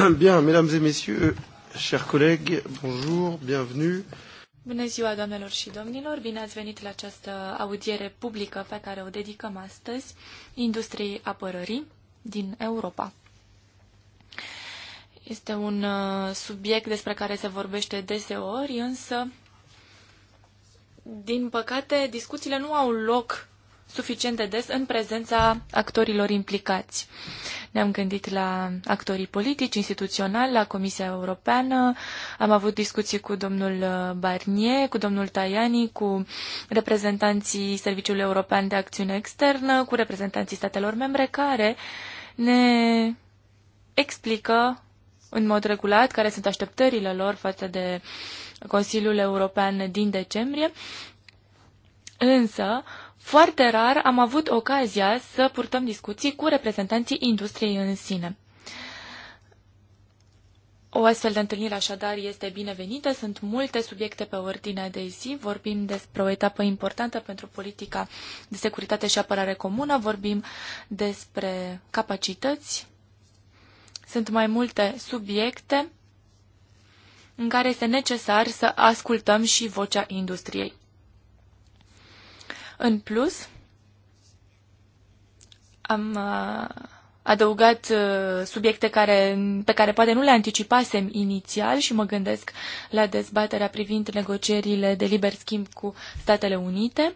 Bien, mesdames et messieurs, euh, chers collègues, bonjour, bienvenue. Bună ziua, doamnelor și domnilor! Bine ați venit la această audiere publică pe care o dedicăm astăzi industriei apărării din Europa. Este un uh, subiect despre care se vorbește deseori, însă, din păcate, discuțiile nu au loc suficient de des în prezența actorilor implicați. Ne-am gândit la actorii politici, instituționali, la Comisia Europeană. Am avut discuții cu domnul uh, Barnier, cu domnul Tajani, cu reprezentanții Serviciului European de Acțiune Externă, cu reprezentanții statelor membre care ne explică în mod regulat care sunt așteptările lor față de Consiliul European din decembrie. Însă, foarte rar am avut ocazia să purtăm discuții cu reprezentanții industriei în sine. O astfel de întâlnire așadar este binevenită, sunt multe subiecte pe ordinea de zi, vorbim despre o etapă importantă pentru politica de securitate și apărare comună, vorbim despre capacități, sunt mai multe subiecte în care este necesar să ascultăm și vocea industriei. În plus, am uh, adăugat uh, subiecte care, pe care poate nu le anticipasem inițial și mă gândesc la dezbaterea privind negocierile de liber schimb cu Statele Unite.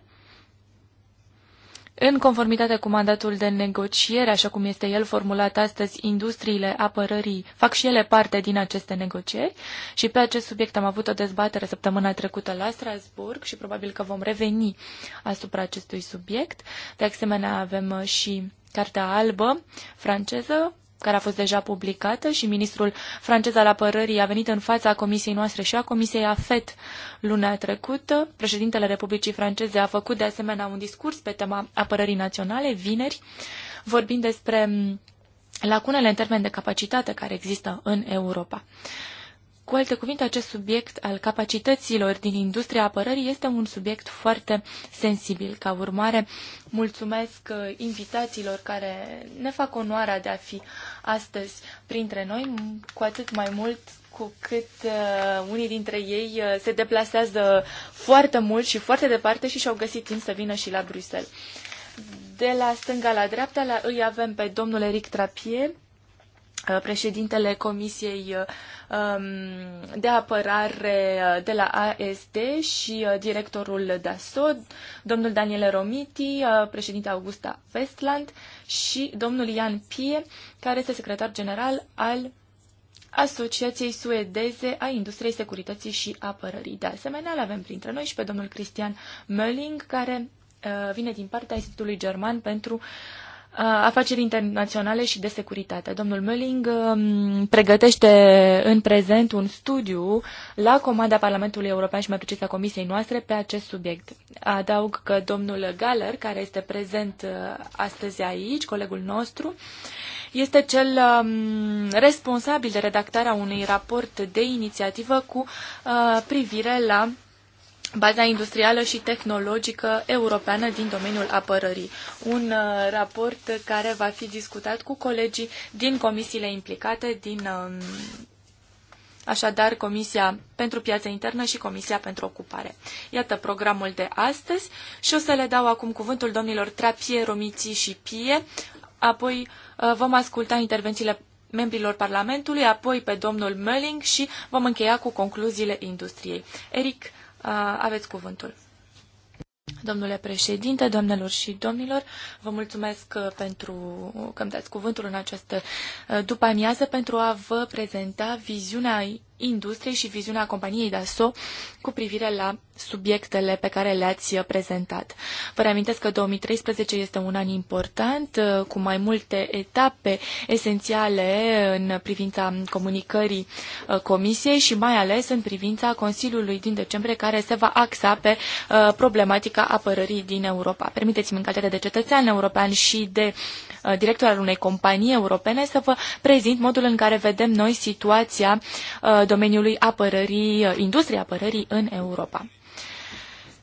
În conformitate cu mandatul de negociere, așa cum este el formulat astăzi, industriile apărării fac și ele parte din aceste negocieri și pe acest subiect am avut o dezbatere săptămâna trecută la Strasburg și probabil că vom reveni asupra acestui subiect. De asemenea, avem și Cartea albă franceză care a fost deja publicată și ministrul francez al apărării a venit în fața comisiei noastre și a comisiei AFET luna trecută. Președintele Republicii Franceze a făcut de asemenea un discurs pe tema apărării naționale vineri, vorbind despre lacunele în termen de capacitate care există în Europa. Cu alte cuvinte, acest subiect al capacităților din industria apărării este un subiect foarte sensibil. Ca urmare, mulțumesc uh, invitațiilor care ne fac onoarea de a fi astăzi printre noi, cu atât mai mult cu cât uh, unii dintre ei uh, se deplasează foarte mult și foarte departe și și-au găsit timp să vină și la Bruxelles. De la stânga la dreapta la, îi avem pe domnul Eric Trapie, Uh, președintele Comisiei uh, um, de Apărare uh, de la ASD și directorul Dassault, domnul Daniel Romiti, președinte Augusta Westland și domnul Ian Pie, care este secretar general al Asociației Suedeze a Industriei Securității și Apărării. De asemenea, îl avem printre noi și pe domnul Cristian Mölling, care vine din partea Institutului German pentru afaceri internaționale și de securitate. Domnul Mölling um, pregătește în prezent un studiu la comanda Parlamentului European și mai precis a Comisiei noastre pe acest subiect. Adaug că domnul Galler, care este prezent uh, astăzi aici, colegul nostru, este cel um, responsabil de redactarea unui raport de inițiativă cu uh, privire la baza industrială și tehnologică europeană din domeniul apărării. Un uh, raport care va fi discutat cu colegii din comisiile implicate, din um, așadar Comisia pentru Piața Internă și Comisia pentru Ocupare. Iată programul de astăzi și o să le dau acum cuvântul domnilor Trapie, Romiții și Pie, apoi uh, vom asculta intervențiile membrilor Parlamentului, apoi pe domnul Mölling și vom încheia cu concluziile industriei. Eric aveți cuvântul. Domnule președinte, doamnelor și domnilor, vă mulțumesc uh, pentru uh, că îmi dați cuvântul în această uh, după amiază pentru a vă prezenta viziunea industriei și viziunea companiei DASO cu privire la subiectele pe care le-ați prezentat. Vă reamintesc că 2013 este un an important, uh, cu mai multe etape esențiale în privința comunicării uh, Comisiei și mai ales în privința Consiliului din decembrie, care se va axa pe uh, problematica apărării din Europa. Permiteți-mi, în calitate de cetățean european și de director al unei companii europene, să vă prezint modul în care vedem noi situația domeniului apărării, industriei apărării în Europa.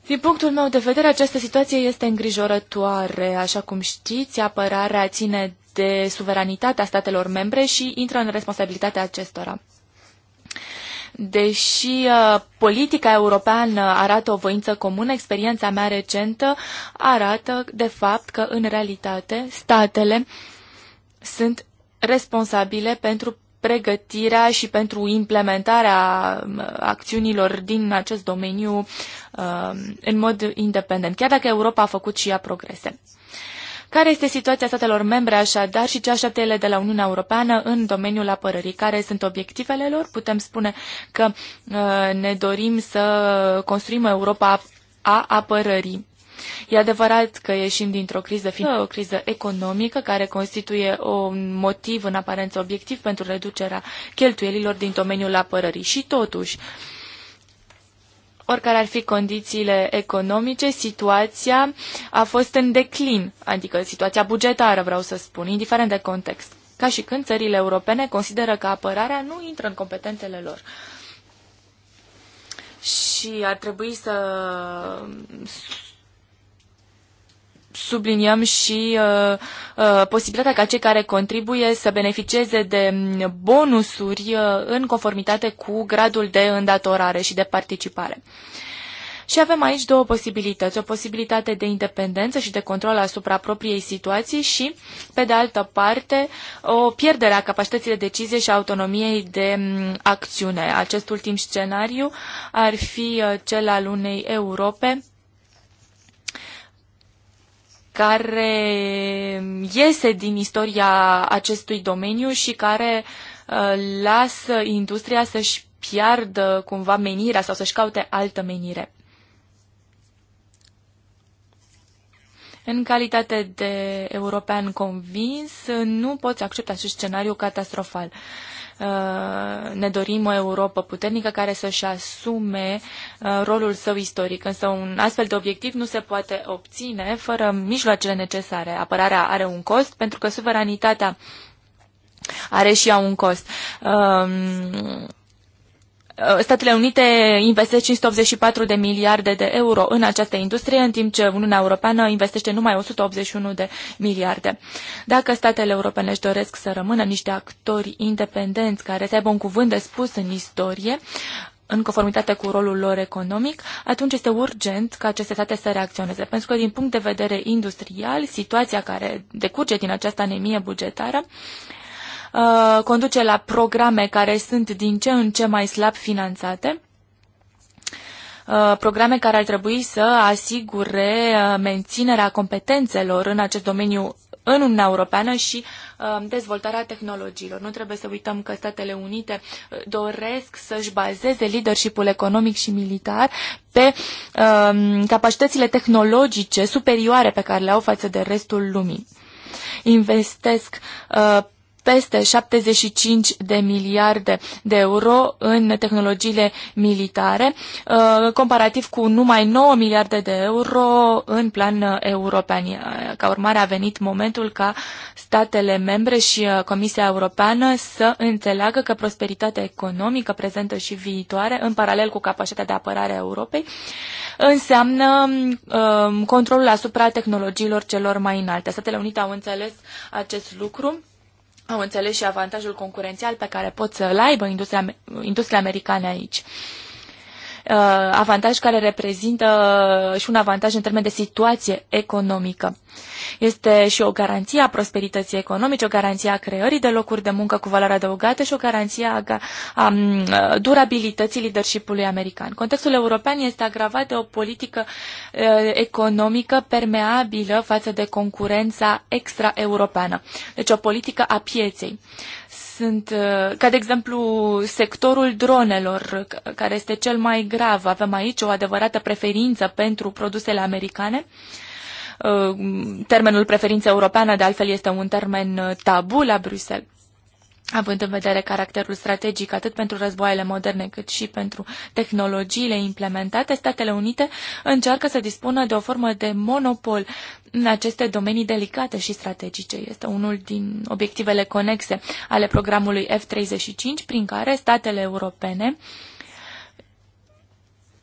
Din punctul meu de vedere, această situație este îngrijorătoare. Așa cum știți, apărarea ține de suveranitatea statelor membre și intră în responsabilitatea acestora. Deși uh, politica europeană arată o voință comună, experiența mea recentă arată, de fapt, că, în realitate, statele sunt responsabile pentru pregătirea și pentru implementarea um, acțiunilor din acest domeniu um, în mod independent, chiar dacă Europa a făcut și ea progrese. Care este situația statelor membre așadar și ce așteaptă ele de la Uniunea Europeană în domeniul apărării? Care sunt obiectivele lor? Putem spune că uh, ne dorim să construim Europa a apărării. E adevărat că ieșim dintr-o criză, o criză economică care constituie un motiv în aparență obiectiv pentru reducerea cheltuielilor din domeniul apărării. Și totuși, oricare ar fi condițiile economice, situația a fost în declin, adică situația bugetară, vreau să spun, indiferent de context. Ca și când țările europene consideră că apărarea nu intră în competențele lor. Și ar trebui să subliniem și uh, uh, posibilitatea ca cei care contribuie să beneficieze de bonusuri uh, în conformitate cu gradul de îndatorare și de participare. Și avem aici două posibilități, o posibilitate de independență și de control asupra propriei situații și, pe de altă parte, o pierdere a capacității de decizie și autonomiei de mm, acțiune. Acest ultim scenariu ar fi uh, cel al unei Europe care iese din istoria acestui domeniu și care uh, lasă industria să-și piardă cumva menirea sau să-și caute altă menire. În calitate de european convins, nu poți accepta acest scenariu catastrofal. Uh, ne dorim o Europa puternică care să-și asume uh, rolul său istoric. Însă un astfel de obiectiv nu se poate obține fără mijloacele necesare. Apărarea are un cost pentru că suveranitatea are și ea un cost. Um, Uh, statele Unite investesc 584 de miliarde de euro în această industrie, în timp ce Uniunea Europeană investește numai 181 de miliarde. Dacă statele europene își doresc să rămână niște actori independenți care să aibă un cuvânt de spus în istorie, în conformitate cu rolul lor economic, atunci este urgent ca aceste state să reacționeze. Pentru că, din punct de vedere industrial, situația care decurge din această anemie bugetară uh, Uh, conduce la programe care sunt din ce în ce mai slab finanțate uh, programe care ar trebui să asigure uh, menținerea competențelor în acest domeniu în Uniunea Europeană și dezvoltarea tehnologiilor. Nu trebuie să uităm că Statele Unite doresc să-și bazeze leadership-ul economic și militar pe um, capacitățile tehnologice superioare pe care le au față de restul lumii. Investesc uh, peste 75 de miliarde de euro în tehnologiile militare, uh, comparativ cu numai 9 miliarde de euro în plan uh, european. Ca urmare a venit momentul ca statele membre și uh, Comisia Europeană să înțeleagă că prosperitatea economică prezentă și viitoare, în paralel cu capacitatea de apărare a Europei, înseamnă um, controlul asupra tehnologiilor celor mai înalte. Statele Unite au înțeles acest lucru au înțeles și avantajul concurențial pe care pot să-l aibă industria, industria americană aici. Uh, Uh, avantaj care reprezintă și un avantaj în termen de situație economică. Este și o garanție a prosperității economice, o garanție a creării de locuri de muncă cu valoare adăugată și o garanție a, a mm, durabilității leadership american. Contextul european este agravat de o politică uh, economică permeabilă față de concurența extraeuropeană, deci o politică a pieței sunt, uh, ca de exemplu, sectorul dronelor, care este cel mai grav. Avem aici o adevărată preferință pentru produsele americane. Uh, termenul preferință europeană, de altfel, este un termen uh, tabu la Bruxelles având în vedere caracterul strategic atât pentru războaiele moderne cât și pentru tehnologiile implementate, Statele Unite încearcă să dispună de o formă de monopol în aceste domenii delicate și strategice. Este unul din obiectivele conexe ale programului F-35, prin care statele europene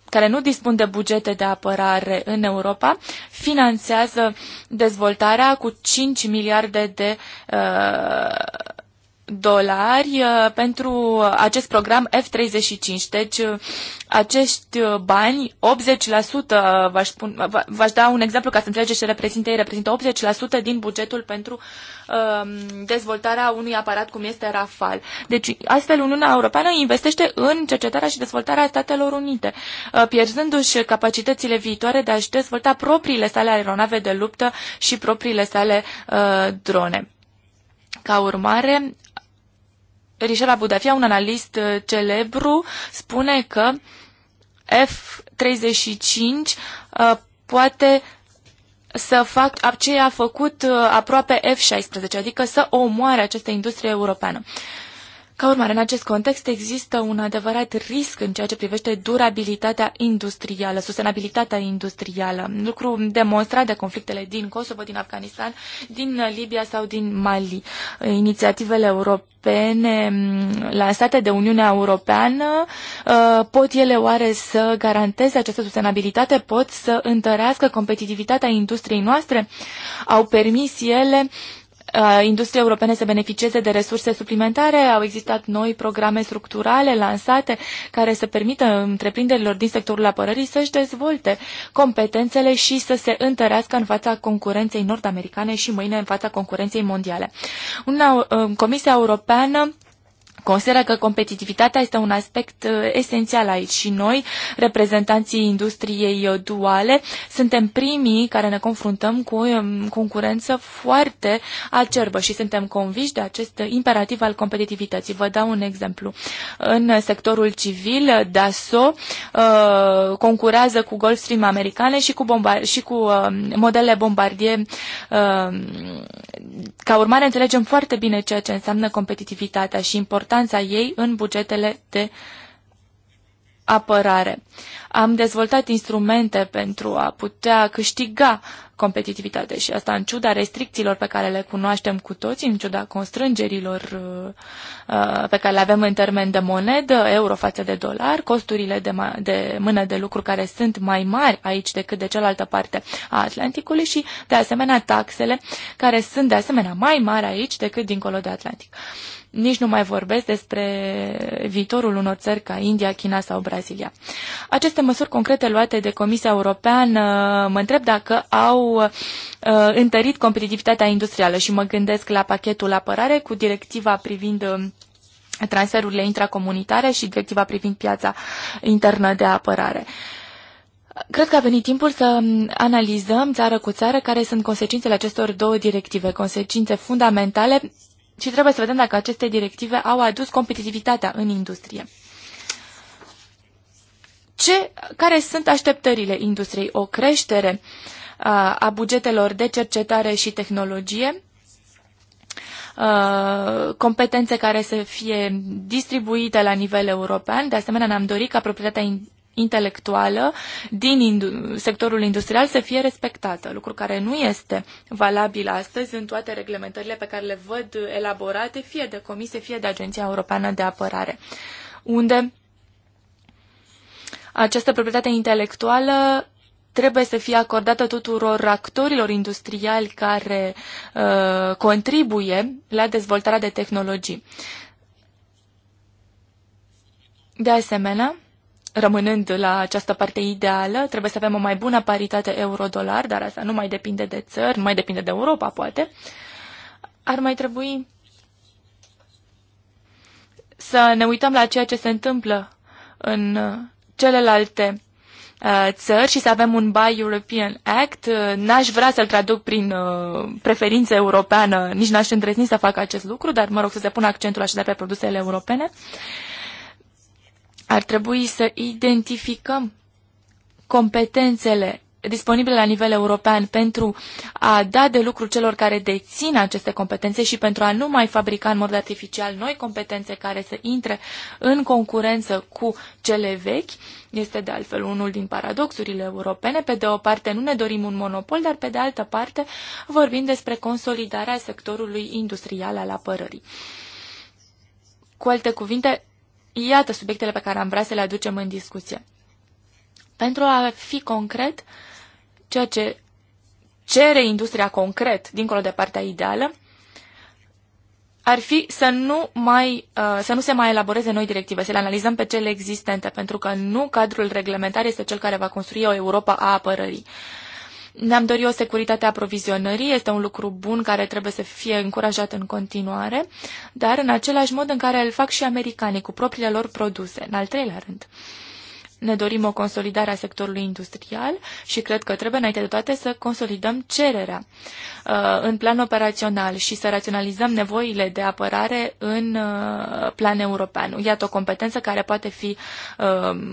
care nu dispun de bugete de apărare în Europa, finanțează dezvoltarea cu 5 miliarde de uh, dolari uh, pentru acest program F-35. Deci uh, acești uh, bani, 80%, v-aș, spun, v-aș da un exemplu ca să înțelegeți ce reprezintă ei, reprezintă 80% din bugetul pentru um, dezvoltarea unui aparat cum este Rafal. Deci astfel Uniunea Europeană investește în cercetarea și dezvoltarea Statelor Unite, pierzându-și capacitățile viitoare de a-și dezvolta propriile sale aeronave de luptă și propriile sale uh, drone. Ca urmare, Richard Budafia, un analist uh, celebru, spune că F-35 uh, poate să fac ce a făcut uh, aproape F-16, adică să omoare această industrie europeană. Uh, ca urmare, în acest context există un adevărat risc în ceea ce privește durabilitatea industrială, sustenabilitatea industrială, lucru demonstrat de conflictele din Kosovo, din Afganistan, din Libia sau din Mali. Inițiativele europene mm, lansate de Uniunea Europeană ă, pot ele oare să garanteze această sustenabilitate, pot să întărească competitivitatea industriei noastre? Au permis ele uh, Uh, industriei europene să beneficieze de resurse suplimentare. Au existat noi programe structurale lansate care să permită întreprinderilor din sectorul apărării să-și dezvolte competențele și să se întărească în fața concurenței nord-americane și mâine în fața concurenței mondiale. Una, uh, Comisia Europeană Consideră că competitivitatea este un aspect uh, esențial aici și noi, reprezentanții industriei uh, duale, suntem primii care ne confruntăm cu o um, concurență foarte acerbă și suntem conviși de acest imperativ al competitivității. Vă dau un exemplu. În sectorul civil, DASO uh, concurează cu Gulfstream americane și cu, bomba- și cu uh, modele Bombardier. Uh, ca urmare, înțelegem foarte bine ceea ce înseamnă competitivitatea și importanța importanța ei în bugetele de apărare. Am dezvoltat instrumente pentru a putea câștiga competitivitate și asta în ciuda restricțiilor pe care le cunoaștem cu toți, în ciuda constrângerilor uh, uh, pe care le avem în termen de monedă, euro față de dolar, costurile de, de mână de lucru care sunt mai mari aici decât de cealaltă parte a Atlanticului și de asemenea taxele care sunt de asemenea mai mari aici decât dincolo de Atlantic. Uh, nici nu mai vorbesc despre viitorul unor țări ca India, China sau Brazilia. Aceste măsuri concrete luate de Comisia Europeană mă întreb dacă au uh, întărit competitivitatea industrială și mă gândesc la pachetul apărare cu directiva privind um, transferurile intracomunitare și directiva privind piața internă de apărare. Cred că a venit timpul să um, analizăm țară cu țară care sunt consecințele acestor două directive, consecințe fundamentale și trebuie să vedem dacă aceste directive au adus competitivitatea în industrie. Ce, care sunt așteptările industriei? O creștere a, a bugetelor de cercetare și tehnologie, competențe care să fie distribuite la nivel european. De asemenea, ne-am dorit ca proprietatea intelectuală din sectorul industrial să fie respectată, lucru care nu este valabil astăzi în toate reglementările pe care le văd elaborate fie de Comisie, fie de Agenția Europeană de Apărare, unde această proprietate intelectuală trebuie să fie acordată tuturor actorilor industriali care uh, contribuie la dezvoltarea de tehnologii. De asemenea, rămânând la această parte ideală, trebuie să avem o mai bună paritate euro-dolar, dar asta nu mai depinde de țări, mai depinde de Europa, poate. Ar mai trebui să ne uităm la ceea ce se întâmplă în celelalte uh, țări și să avem un Buy European Act. Uh, n-aș vrea să-l traduc prin uh, preferință europeană, nici n-aș îndrezni să fac acest lucru, dar mă rog să se pună accentul de pe produsele europene. Ar trebui să identificăm competențele disponibile la nivel european pentru a da de lucru celor care dețin aceste competențe și pentru a nu mai fabrica în mod artificial noi competențe care să intre în concurență cu cele vechi, este de altfel unul din paradoxurile europene. Pe de o parte nu ne dorim un monopol, dar pe de altă parte vorbim despre consolidarea sectorului industrial al apărării. Cu alte cuvinte, Iată subiectele pe care am vrea să le aducem în discuție. Pentru a fi concret, ceea ce cere industria concret, dincolo de partea ideală, ar fi să nu, mai, uh, să nu se mai elaboreze noi directive, să le analizăm pe cele existente, pentru că nu cadrul reglementar este cel care va construi o Europa a apărării. Ne-am dorit o securitate a aprovizionării, este un lucru bun care trebuie să fie încurajat în continuare, dar în același mod în care îl fac și americanii cu propriile lor produse, în al treilea rând. Uh, ne dorim o consolidare a sectorului industrial și cred că trebuie înainte de toate să consolidăm cererea uh, în plan operațional și să raționalizăm nevoile de apărare în uh, plan european. Iată o competență care poate fi uh,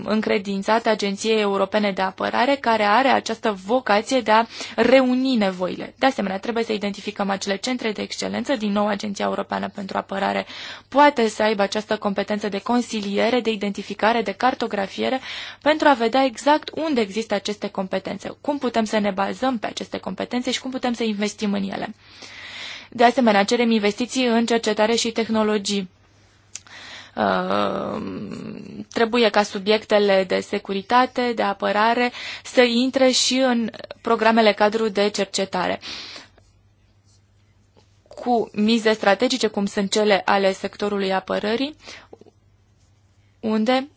încredințată Agenției Europene de Apărare, care are această vocație de a reuni nevoile. De asemenea, trebuie să identificăm acele centre de excelență. Din nou, Agenția Europeană pentru Apărare poate să aibă această competență de consiliere, de identificare, de cartografiere pentru a vedea exact unde există aceste competențe, cum putem să ne bazăm pe aceste competențe și cum putem să investim în ele. De asemenea, cerem investiții în cercetare și tehnologii. Uh, trebuie ca subiectele de securitate, de apărare să intre și în programele cadru de cercetare cu mize strategice, cum sunt cele ale sectorului apărării, unde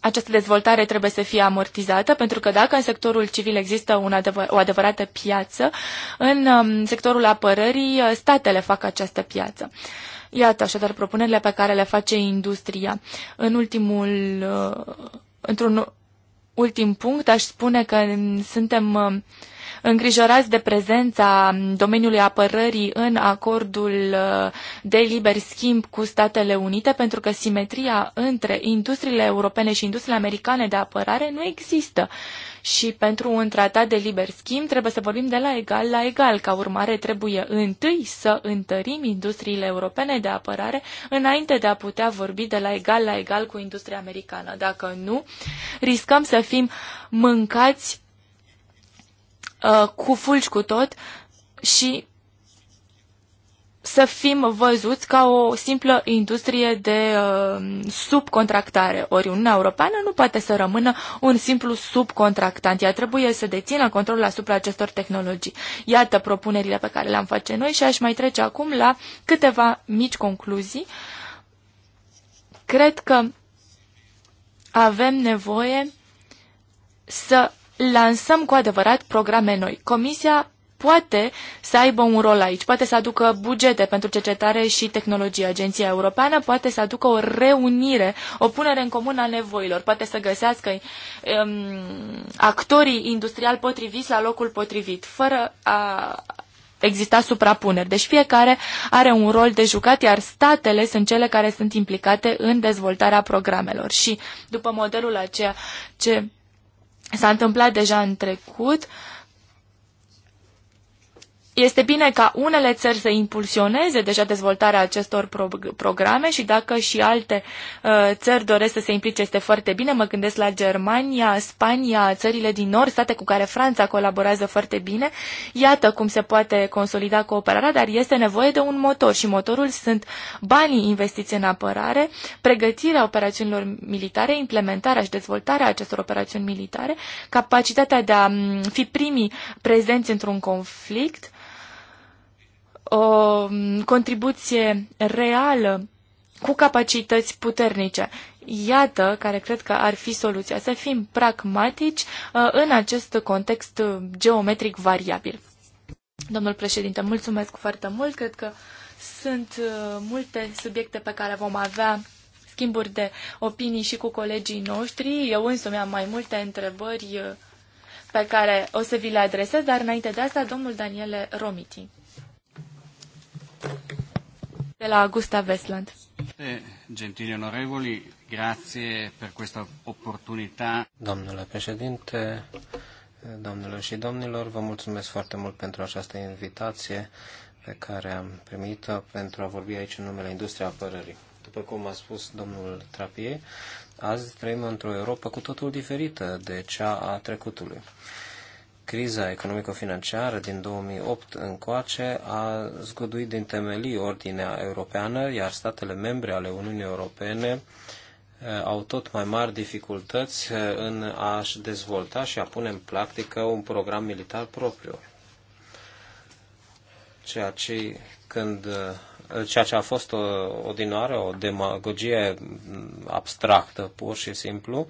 această dezvoltare trebuie să fie amortizată, pentru că dacă în sectorul civil există un adevăr, o adevărată piață, în um, sectorul apărării uh, statele fac această piață. Iată așadar propunerile pe care le face industria. În ultimul, uh, într-un ultim punct, aș spune că suntem uh, îngrijorați de prezența domeniului apărării în acordul uh, de liber schimb cu Statele Unite, pentru că simetria între industriile europene și industriile americane de apărare nu există. Și pentru un tratat de liber schimb trebuie să vorbim de la egal la egal. Ca urmare, trebuie întâi să întărim industriile europene de apărare înainte de a putea vorbi de la egal la egal cu industria americană. Dacă nu, riscăm să fim mâncați Uh, cu fulgi cu tot și să fim văzuți ca o simplă industrie de uh, subcontractare. Ori Uniunea Europeană nu poate să rămână un simplu subcontractant. Ea trebuie să dețină controlul asupra acestor tehnologii. Iată propunerile pe care le-am face noi și aș mai trece acum la câteva mici concluzii. Cred că avem nevoie să lansăm cu adevărat programe noi. Comisia poate să aibă un rol aici, poate să aducă bugete pentru cercetare și tehnologie. Agenția Europeană poate să aducă o reunire, o punere în comun a nevoilor, poate să găsească um, actorii industriali potriviți la locul potrivit, fără a exista suprapuneri. Deci fiecare are un rol de jucat, iar statele sunt cele care sunt implicate în dezvoltarea programelor. Și după modelul aceea ce S-a întâmplat deja în trecut este bine ca unele țări să impulsioneze deja dezvoltarea acestor pro- programe și dacă și alte uh, țări doresc să se implice, este foarte bine. Mă gândesc la Germania, Spania, țările din nord, state cu care Franța colaborează foarte bine. Iată cum se poate consolida cooperarea, dar este nevoie de un motor și motorul sunt banii investiți în apărare, pregătirea operațiunilor militare, implementarea și dezvoltarea acestor operațiuni militare, capacitatea de a mm, fi primii prezenți într-un conflict, o contribuție reală cu capacități puternice. Iată care cred că ar fi soluția, să fim pragmatici uh, în acest context geometric variabil. Domnul președinte, mulțumesc foarte mult. Cred că sunt uh, multe subiecte pe care vom avea schimburi de opinii și cu colegii noștri. Eu însumi am mai multe întrebări uh, pe care o să vi le adresez, dar înainte de asta, domnul Daniele Romiti. De la Augusta Westland. Eh, gentili onorevoli, grazie per questa opportunità. Domnule președinte, domnilor și domnilor, vă mulțumesc foarte mult pentru această invitație pe care am primit-o pentru a vorbi aici în numele industriei apărării. După cum a spus domnul Trapie, azi trăim într-o Europa cu totul diferită de cea a trecutului criza economico-financiară din 2008 încoace a zguduit din temelii ordinea europeană, iar statele membre ale Uniunii Europene eh, au tot mai mari dificultăți eh, în a-și dezvolta și a pune în practică un program militar propriu. Ceea ce când eh, ceea ce a fost o, odinoară, o demagogie abstractă, pur și simplu,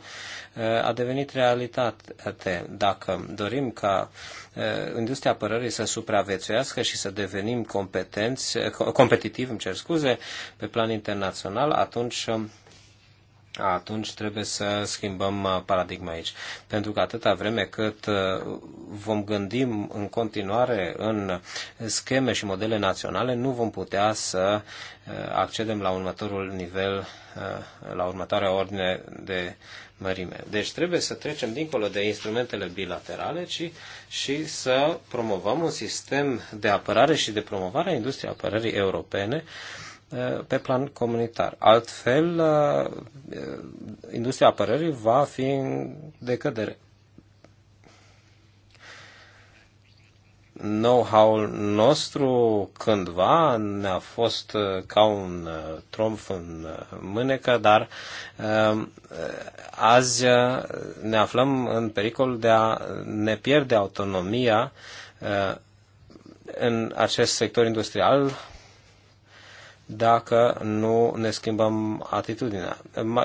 a devenit realitate. Dacă dorim ca industria apărării să supraviețuiască și să devenim competenți, competitivi, îmi cer scuze, pe plan internațional, atunci atunci trebuie să schimbăm uh, paradigma aici. Pentru că atâta vreme cât uh, vom gândi în continuare în scheme și modele naționale, nu vom putea să uh, accedem la următorul nivel, la următoarea ordine de mărime. Deci trebuie să trecem dincolo de instrumentele bilaterale ci, și să promovăm un sistem de apărare și de promovare a industriei apărării europene uh, Eh, pe plan comunitar. Altfel, eh, eh, industria apărării va fi în decădere. Know-how-ul nostru cândva ne-a fost ca un tromf în mânecă, dar azi ne aflăm în pericol de a ne pierde autonomia în acest sector industrial dacă nu ne schimbăm atitudinea.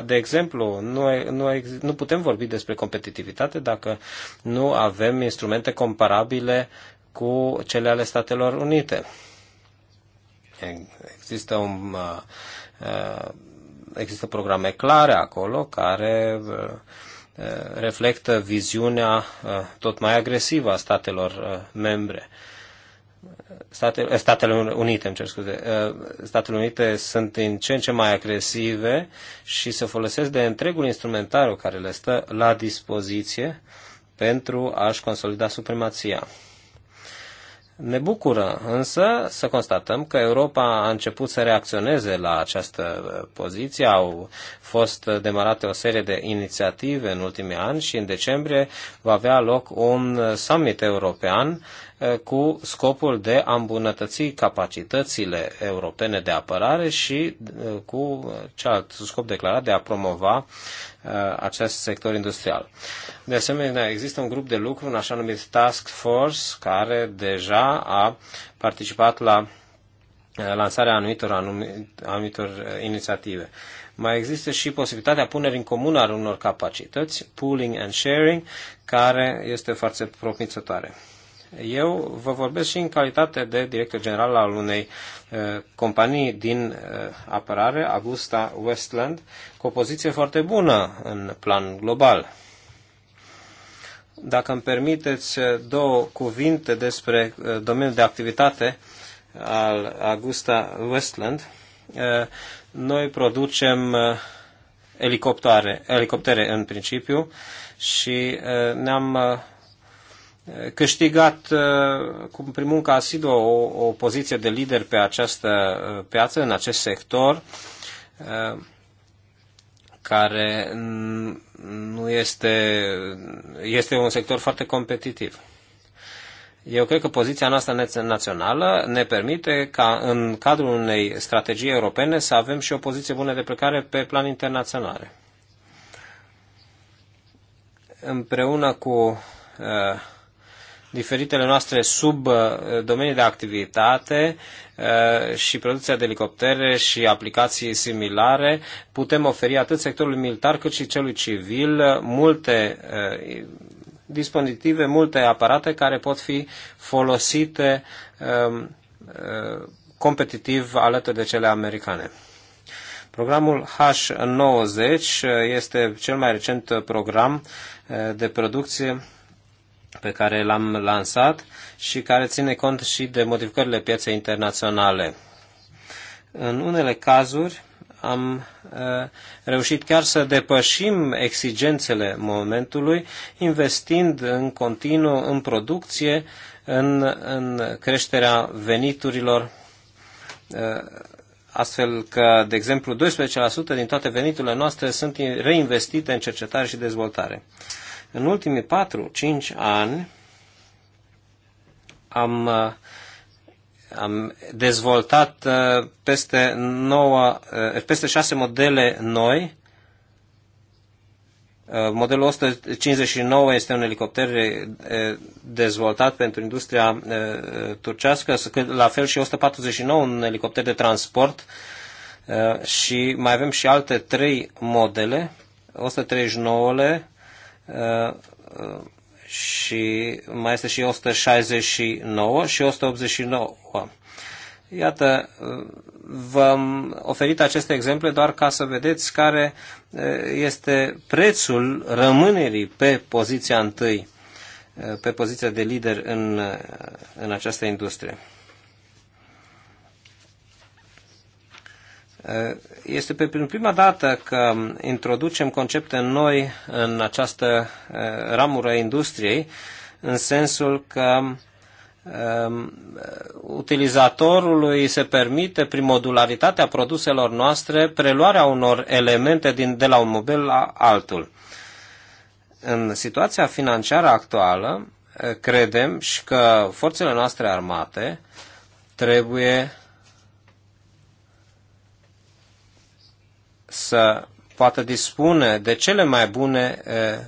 De exemplu, nu, nu, nu putem vorbi despre competitivitate dacă nu avem instrumente comparabile cu cele ale Statelor Unite. Există un. Uh, uh, există programe clare acolo care uh, reflectă viziunea tot mai agresivă a statelor membre Statele Unite, îmi cer scuze, uh, Statele Unite sunt din ce în ce mai agresive și se folosesc de întregul instrumentar care le stă la dispoziție pentru a-și consolida supremația. Ne bucură însă să constatăm că Europa a început să reacționeze la această uh, poziție. Au fost demarate o serie de inițiative în ultimii ani și în decembrie va avea loc un uh, summit european Eh, cu scopul de a îmbunătăți capacitățile europene de apărare și eh, cu cealalt scop declarat de a promova eh, acest sector industrial. De asemenea, există un grup de lucru, un așa numit Task Force, care deja a participat la lansarea anumitor, anumitor inițiative. Mai există și posibilitatea punerii în comun al unor capacități, pooling and sharing, care este foarte promițătoare. Eu vă vorbesc și în calitate de director general al unei uh, companii din uh, apărare, Augusta Westland, cu o poziție foarte bună în plan global. Dacă îmi permiteți uh, două cuvinte despre uh, domeniul de activitate al Augusta Westland, uh, noi producem uh, elicoptere, elicoptere în principiu și ne-am câștigat uh, cu primul munca asiduă o, o poziție de lider pe această uh, piață, în acest sector, uh, care nu este, este un sector foarte competitiv. Eu cred că poziția noastră națională ne permite ca în cadrul unei strategii europene să avem și o poziție bună de plecare pe plan internațional. Împreună cu uh, diferitele noastre sub uh, domenii de activitate uh, și producția de elicoptere și aplicații similare, putem oferi atât sectorului militar cât și celui civil uh, multe dispozitive, multe aparate care pot fi folosite um, competitiv alături de cele americane. Programul H90 este cel mai recent program de producție pe care l-am lansat și care ține cont și de modificările pieței internaționale. În unele cazuri am uh, reușit chiar să depășim exigențele momentului, investind în continuu în producție, în, în creșterea veniturilor, uh, astfel că, de exemplu, 12% din toate veniturile noastre sunt reinvestite în cercetare și dezvoltare. În ultimii 4-5 ani am, uh, am dezvoltat uh, peste, 9, uh, peste 6 modele noi. Modelul 159 este un elicopter dezvoltat pentru industria turcească, la fel și 149, un elicopter de transport și mai avem și alte trei modele, 139-le, și mai este și 169 și 189. Iată, v-am oferit aceste exemple doar ca să vedeți care este prețul rămânerii pe poziția întâi, pe poziția de lider în, în această industrie. Eh, este pentru prima dată că introducem concepte noi în această eh, ramură a industriei, în sensul că ehm, utilizatorului se permite prin modularitatea produselor noastre preluarea unor elemente din, de la un model la altul. În situația financiară actuală, eh, credem și că forțele noastre armate trebuie să poată dispune de cele mai bune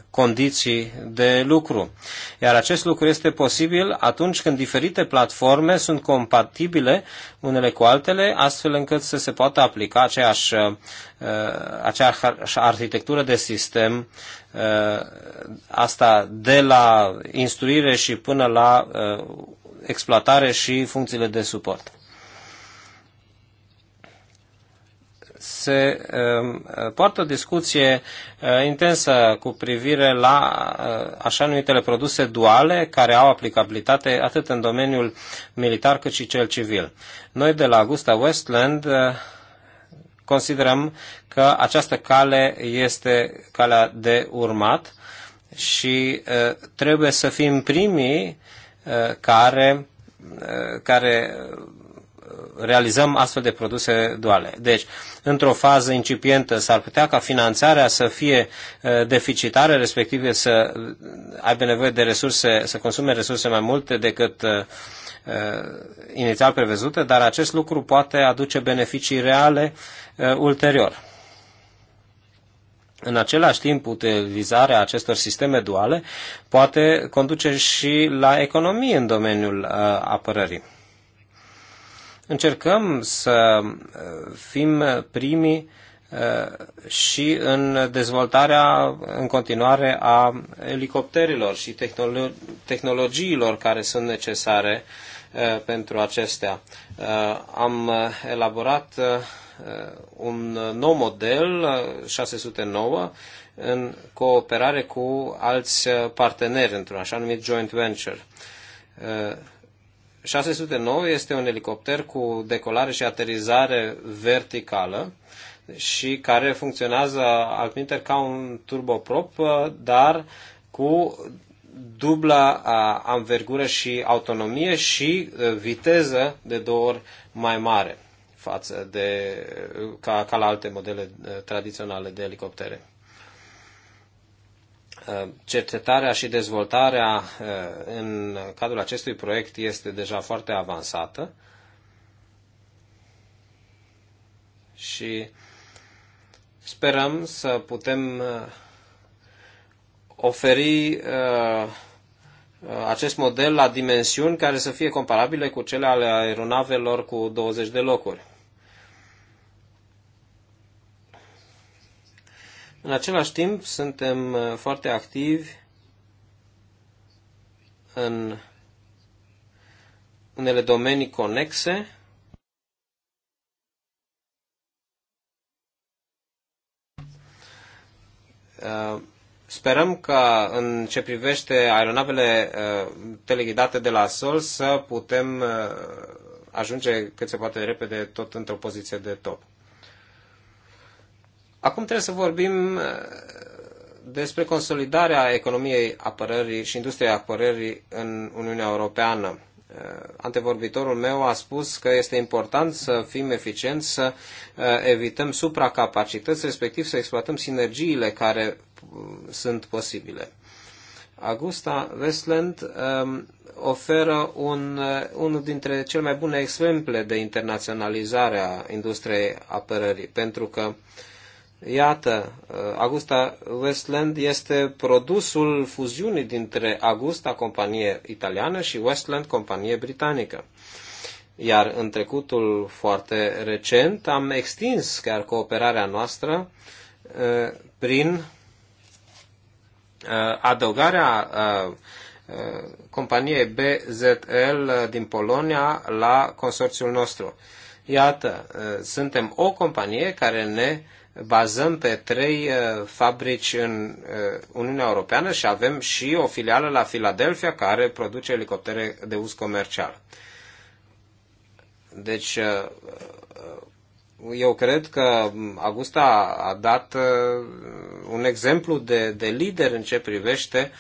condiții de lucru. Iar acest lucru este posibil atunci când diferite platforme sunt compatibile unele cu altele, astfel încât să se poată aplica aceeași, aceeași arhitectură de sistem, asta de la instruire și până la exploatare și funcțiile de suport. se um, poartă o discuție uh, intensă cu privire la uh, așa numitele produse duale care au aplicabilitate atât în domeniul militar cât și cel civil. Noi de la Augusta Westland uh, considerăm că această cale este calea de urmat și trebuie să fim primii care, care realizăm astfel de produse duale. Deci, într-o fază incipientă s-ar putea ca finanțarea să fie uh, deficitară, respectiv să aibă nevoie de resurse, să consume resurse mai multe decât uh, uh, inițial prevăzute, dar acest lucru poate aduce beneficii reale ulterior. În același timp, utilizarea acestor sisteme duale poate conduce și la economie în domeniul apărării încercăm să uh, fim primii uh, și în dezvoltarea în continuare a elicopterilor și tehnolo- tehnologiilor care sunt necesare uh, pentru acestea. Am elaborat un nou model 609 în cooperare cu alți parteneri într-un așa numit joint venture 609 este un elicopter cu decolare și aterizare verticală și care funcționează altminteri ca un turboprop, uh, dar cu dubla uh, anvergură și autonomie și uh, viteză de două ori mai mare față de, ca, ca la alte modele tradiționale de elicoptere. Uh, cercetarea și dezvoltarea uh, în cadrul acestui proiect este deja foarte avansată și sperăm să putem uh, oferi acest model la dimensiuni care să fie comparabile cu cele ale aeronavelor cu 20 de locuri. În același timp, suntem uh, foarte activi în unele domenii conexe, uh, Sperăm că în ce privește aeronavele uh, teleghidate de la sol să putem ajunge cât se poate repede tot într-o poziție de top. Acum trebuie să vorbim uh, despre consolidarea economiei apărării și industriei apărării în Uniunea Europeană. Uh, antevorbitorul meu a spus că este important să fim eficienți, să uh, evităm supracapacități, respectiv să exploatăm sinergiile care sunt posibile. Augusta Westland um, oferă un, unul dintre cele mai bune exemple de internaționalizare a industriei apărării, pentru că uh, Iată, uh, Augusta Westland este produsul fuziunii dintre Augusta, companie italiană, și Westland, companie britanică. Iar în trecutul foarte recent am extins chiar cooperarea noastră uh, prin uh, adăugarea companiei BZL din Polonia la consorțiul nostru. Iată, suntem o companie care ne bazăm pe trei uh, fabrici în uh, Uniunea Europeană și avem și o filială la Philadelphia care produce elicoptere de uz comercial. Deci, uh, eu cred că Augusta a dat un exemplu de, de lider în ce privește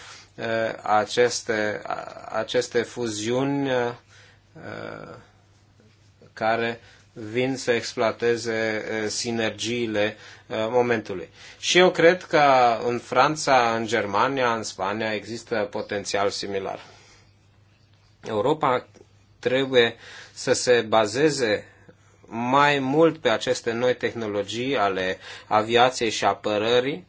aceste, aceste fuziuni care uh, vin să exploateze eh, sinergiile eh, momentului. Și eu cred că în Franța, în Germania, în Spania există potențial similar. Europa trebuie să se bazeze mai mult pe aceste noi tehnologii ale aviației și apărării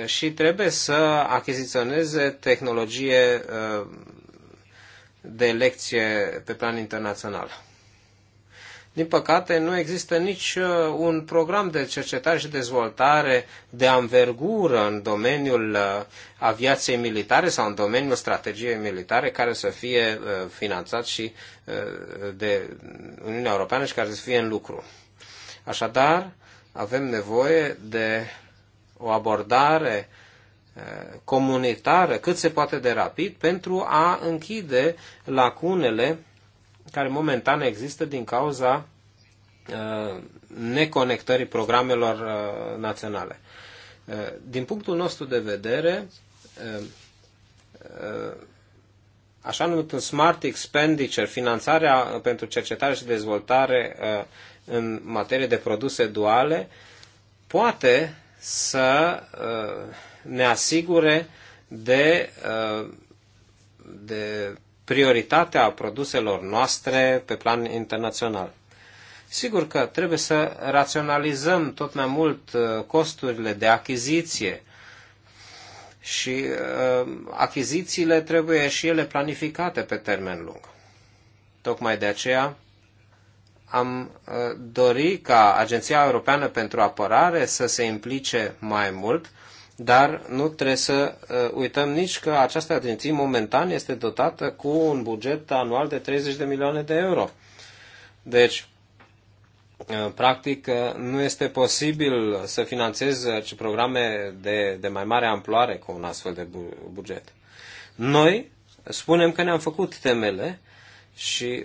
eh, și trebuie să achiziționeze tehnologie de lecție pe plan internațional. Din păcate, nu există nici uh, un program de cercetare și dezvoltare de anvergură în domeniul uh, aviației militare sau în domeniul strategiei militare care să fie uh, finanțat și de Uniunea Europeană și care să fie în lucru. Așadar, avem nevoie de o abordare uh, comunitară cât se poate de rapid pentru a închide lacunele care momentan există din cauza uh, neconectării programelor uh, naționale. Uh, din punctul nostru de vedere, așa numitul smart expenditure, finanțarea pentru cercetare și dezvoltare în materie de produse duale, poate să ne asigure de, uh, de prioritatea produselor noastre pe plan internațional. Sigur că trebuie să raționalizăm tot mai mult uh, costurile de achiziție și uh, achizițiile trebuie și ele planificate pe termen lung. Tocmai de aceea am dori ca Agenția Europeană pentru Apărare să se implice mai mult dar nu trebuie să uh, uităm nici că această agenție momentan este dotată cu un buget anual de 30 de milioane de euro. Deci, uh, practic, uh, nu este posibil să finanțezi programe de, de mai mare amploare cu un astfel de buget. Noi spunem că ne-am făcut temele și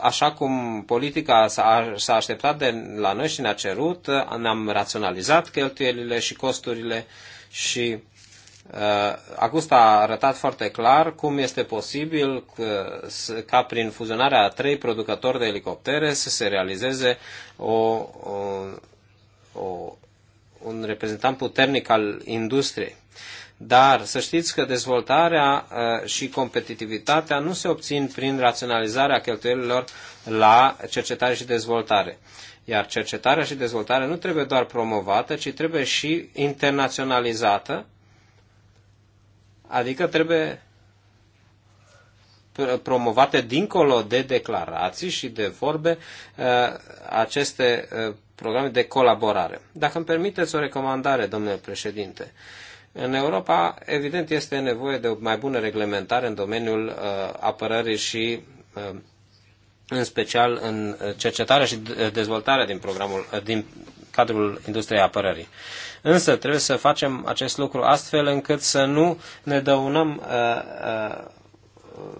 așa cum politica s-a așteptat de la noi și ne-a cerut, ne-am raționalizat cheltuielile și costurile uh, și uh, Augusta a arătat foarte clar cum este posibil ca prin fuzionarea a trei producători de elicoptere să se realizeze o, o, o, un reprezentant puternic al industriei. Dar să știți că dezvoltarea uh, și competitivitatea nu se obțin prin raționalizarea cheltuielilor la cercetare și dezvoltare. Iar cercetarea și dezvoltarea nu trebuie doar promovată, ci trebuie și internaționalizată, adică trebuie promovate dincolo de declarații și de vorbe uh, aceste uh, programe de colaborare. Dacă îmi permiteți o recomandare, domnule președinte, în Europa, evident, este nevoie de o mai bună reglementare în domeniul uh, apărării și în special în cercetarea și dezvoltarea din, programul, din cadrul industriei apărării. Însă trebuie să facem acest lucru astfel încât să nu ne dăunăm uh, uh,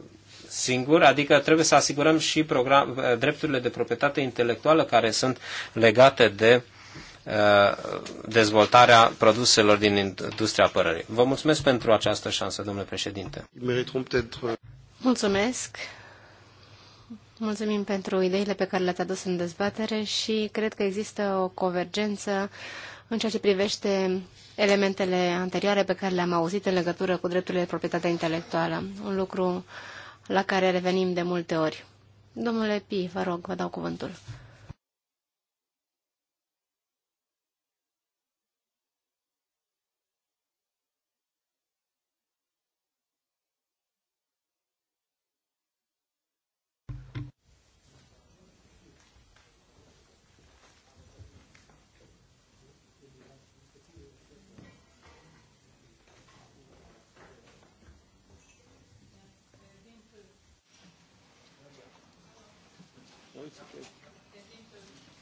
singur, adică trebuie să asigurăm și program, uh, drepturile de proprietate intelectuală care sunt legate de uh, dezvoltarea produselor din industria apărării. Vă mulțumesc pentru această șansă, domnule președinte. Mulțumesc. Mulțumim pentru ideile pe care le-ați adus în dezbatere și cred că există o convergență în ceea ce privește elementele anterioare pe care le-am auzit în legătură cu drepturile de proprietate intelectuală, un lucru la care revenim de multe ori. Domnule Pi, vă rog, vă dau cuvântul.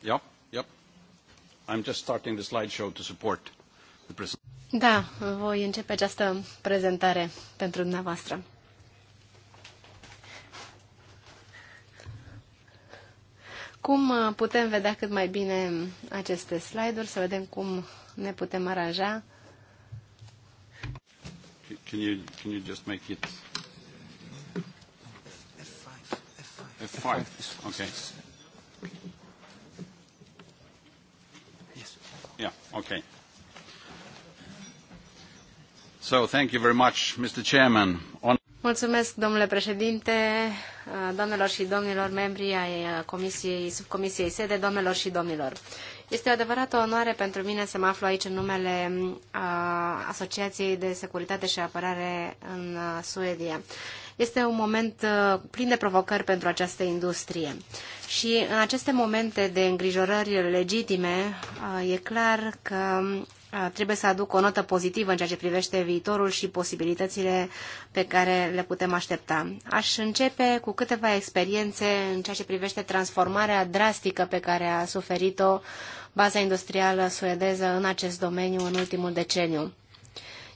Yep, yep. I'm just starting the slideshow to support the presentation. Da, voi începe această prezentare pentru dumneavoastră. Cum uh, putem vedea cât mai bine aceste slide-uri, să vedem cum ne putem aranja. Can you, can you just make it F5. F5. Okay. Yeah, okay. So, thank you very much, Mr. Chairman. On... Mulțumesc, domnule președinte, doamnelor și domnilor membri ai comisiei, subcomisiei sede, doamnelor și domnilor. Este o adevărată onoare pentru mine să mă aflu aici în numele Asociației de Securitate și Apărare în Suedia. Este un moment uh, plin de provocări pentru această industrie. Și în aceste momente de îngrijorări legitime, uh, e clar că uh, trebuie să aduc o notă pozitivă în ceea ce privește viitorul și posibilitățile pe care le putem aștepta. Aș începe cu câteva experiențe în ceea ce privește transformarea drastică pe care a suferit-o baza industrială suedeză în acest domeniu în ultimul deceniu.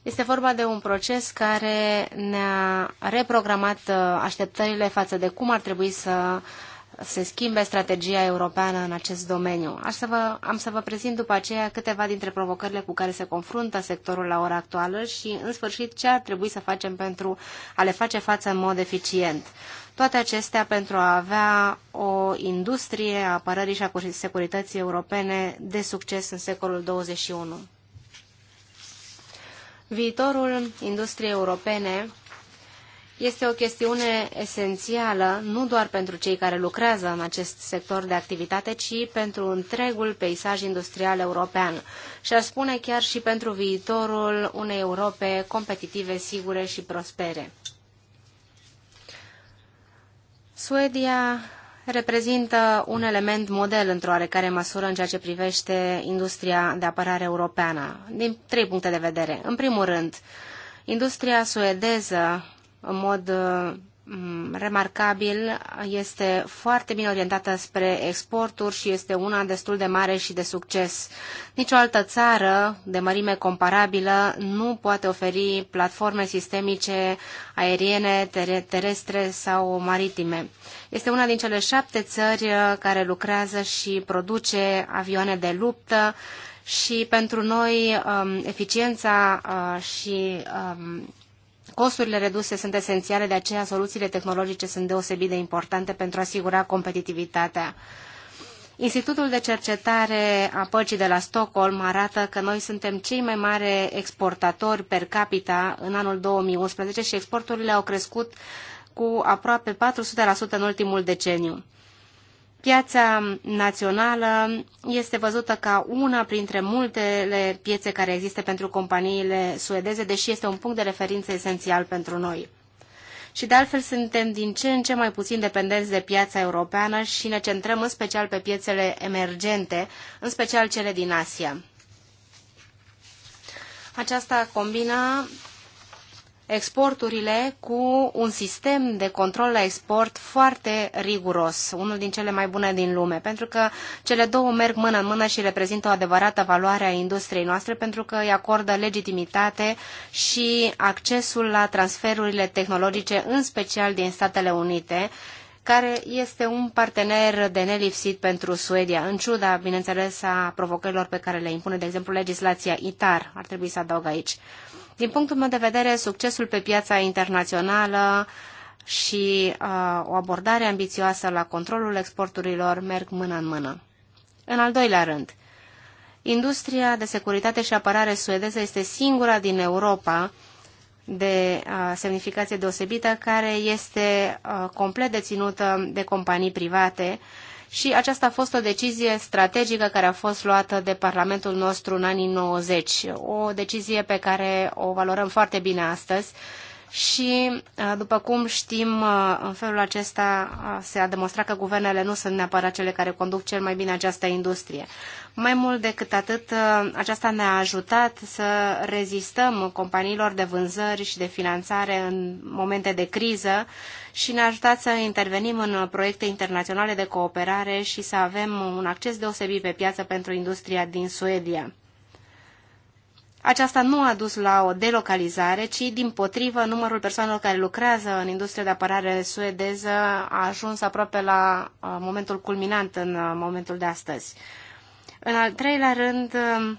Este vorba de un proces care ne-a reprogramat uh, așteptările față de cum ar trebui să se schimbe strategia europeană în acest domeniu. Aș să vă, am să vă prezint după aceea câteva dintre provocările cu care se confruntă sectorul la ora actuală și, în sfârșit, ce ar trebui să facem pentru a le face față în mod eficient. Toate acestea pentru a avea o industrie a apărării și a securității europene de succes în secolul 21. Viitorul industriei europene este o chestiune esențială nu doar pentru cei care lucrează în acest sector de activitate, ci pentru întregul peisaj industrial european și aș spune chiar și pentru viitorul unei Europe competitive, sigure și prospere. Suedia reprezintă un element model într-o oarecare măsură în ceea ce privește industria de apărare europeană, din trei puncte de vedere. În primul rând, industria suedeză, în mod Mm, remarcabil, este foarte bine orientată spre exporturi și este una destul de mare și de succes. Nicio altă țară de mărime comparabilă nu poate oferi platforme sistemice aeriene, ter terestre sau maritime. Este una din cele șapte țări uh, care lucrează și produce avioane de luptă și pentru noi um, eficiența uh, și um, Costurile reduse sunt esențiale, de aceea soluțiile tehnologice sunt deosebit de importante pentru a asigura competitivitatea. Institutul de Cercetare a Păcii de la Stockholm arată că noi suntem cei mai mari exportatori per capita în anul 2011 și exporturile au crescut cu aproape 400% în ultimul deceniu. Piața națională este văzută ca una printre multele piețe care există pentru companiile suedeze, deși este un punct de referință esențial pentru noi. Și de altfel suntem din ce în ce mai puțin dependenți de piața europeană și ne centrăm în special pe piețele emergente, în special cele din Asia. Aceasta combina exporturile cu un sistem de control la export foarte riguros, unul din cele mai bune din lume, pentru că cele două merg mână în mână și reprezintă o adevărată valoare a industriei noastre, pentru că îi acordă legitimitate și accesul la transferurile tehnologice, în special din Statele Unite, care este un partener de nelipsit pentru Suedia, în ciuda, bineînțeles, a provocărilor pe care le impune, de exemplu, legislația ITAR, ar trebui să adaug aici. Din punctul meu de vedere, succesul pe piața internațională și uh, o abordare ambițioasă la controlul exporturilor merg mână în mână. În al doilea rând, industria de securitate și apărare suedeză este singura din Europa de uh, semnificație deosebită care este uh, complet deținută de companii private uh, și aceasta a fost o decizie strategică care a fost luată de Parlamentul nostru în anii 90, o decizie pe care o valorăm foarte bine astăzi și, după cum știm, în felul acesta se a demonstrat că guvernele nu sunt neapărat cele care conduc cel mai bine această industrie. Mai mult decât atât, aceasta ne-a ajutat să rezistăm companiilor de vânzări și de finanțare în momente de criză și ne-a ajutat să intervenim în proiecte internaționale de cooperare și să avem un acces deosebit pe piață pentru industria din Suedia. Aceasta nu a dus la o delocalizare, ci din potrivă numărul persoanelor care lucrează în industria de apărare suedeză a ajuns aproape la uh, momentul culminant în uh, momentul de astăzi. În al treilea rând, um,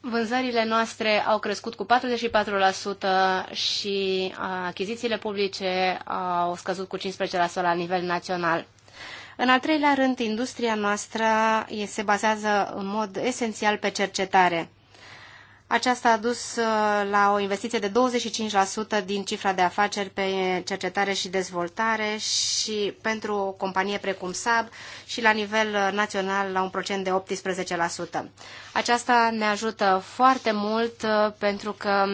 Vânzările noastre au crescut cu 44% și uh, achizițiile publice au scăzut cu 15% la nivel național. În al treilea rând, industria noastră se bazează în mod esențial pe cercetare. Aceasta a dus uh, la o investiție de 25% din cifra de afaceri pe cercetare și dezvoltare și pentru o companie precum SAB și la nivel uh, național la un procent de 18%. Aceasta ne ajută foarte mult uh, pentru că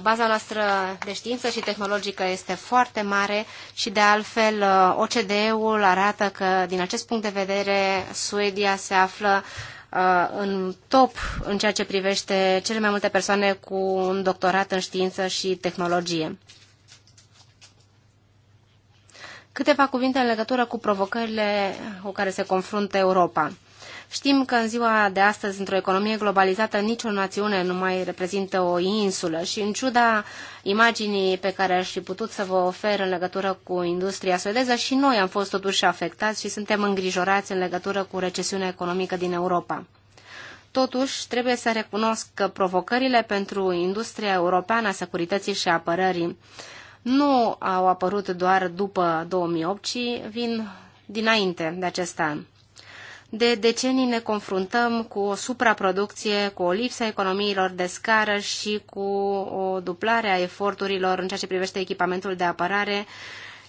Baza noastră de știință și tehnologică este foarte mare și de altfel OCDE-ul arată că din acest punct de vedere Suedia se află Uh, în top în ceea ce privește cele mai multe persoane cu un doctorat în știință și tehnologie. Câteva cuvinte în legătură cu provocările cu care se confruntă Europa. Știm că în ziua de astăzi, într-o economie globalizată, nicio națiune nu mai reprezintă o insulă și în ciuda imaginii pe care aș fi putut să vă ofer în legătură cu industria suedeză, și noi am fost totuși afectați și suntem îngrijorați în legătură cu recesiunea economică din Europa. Totuși, trebuie să recunosc că provocările pentru industria europeană a securității și apărării nu au apărut doar după 2008, ci vin dinainte de acest an. De decenii ne confruntăm cu o supraproducție, cu o lipsă economiilor de scară și cu o duplare a eforturilor în ceea ce privește echipamentul de apărare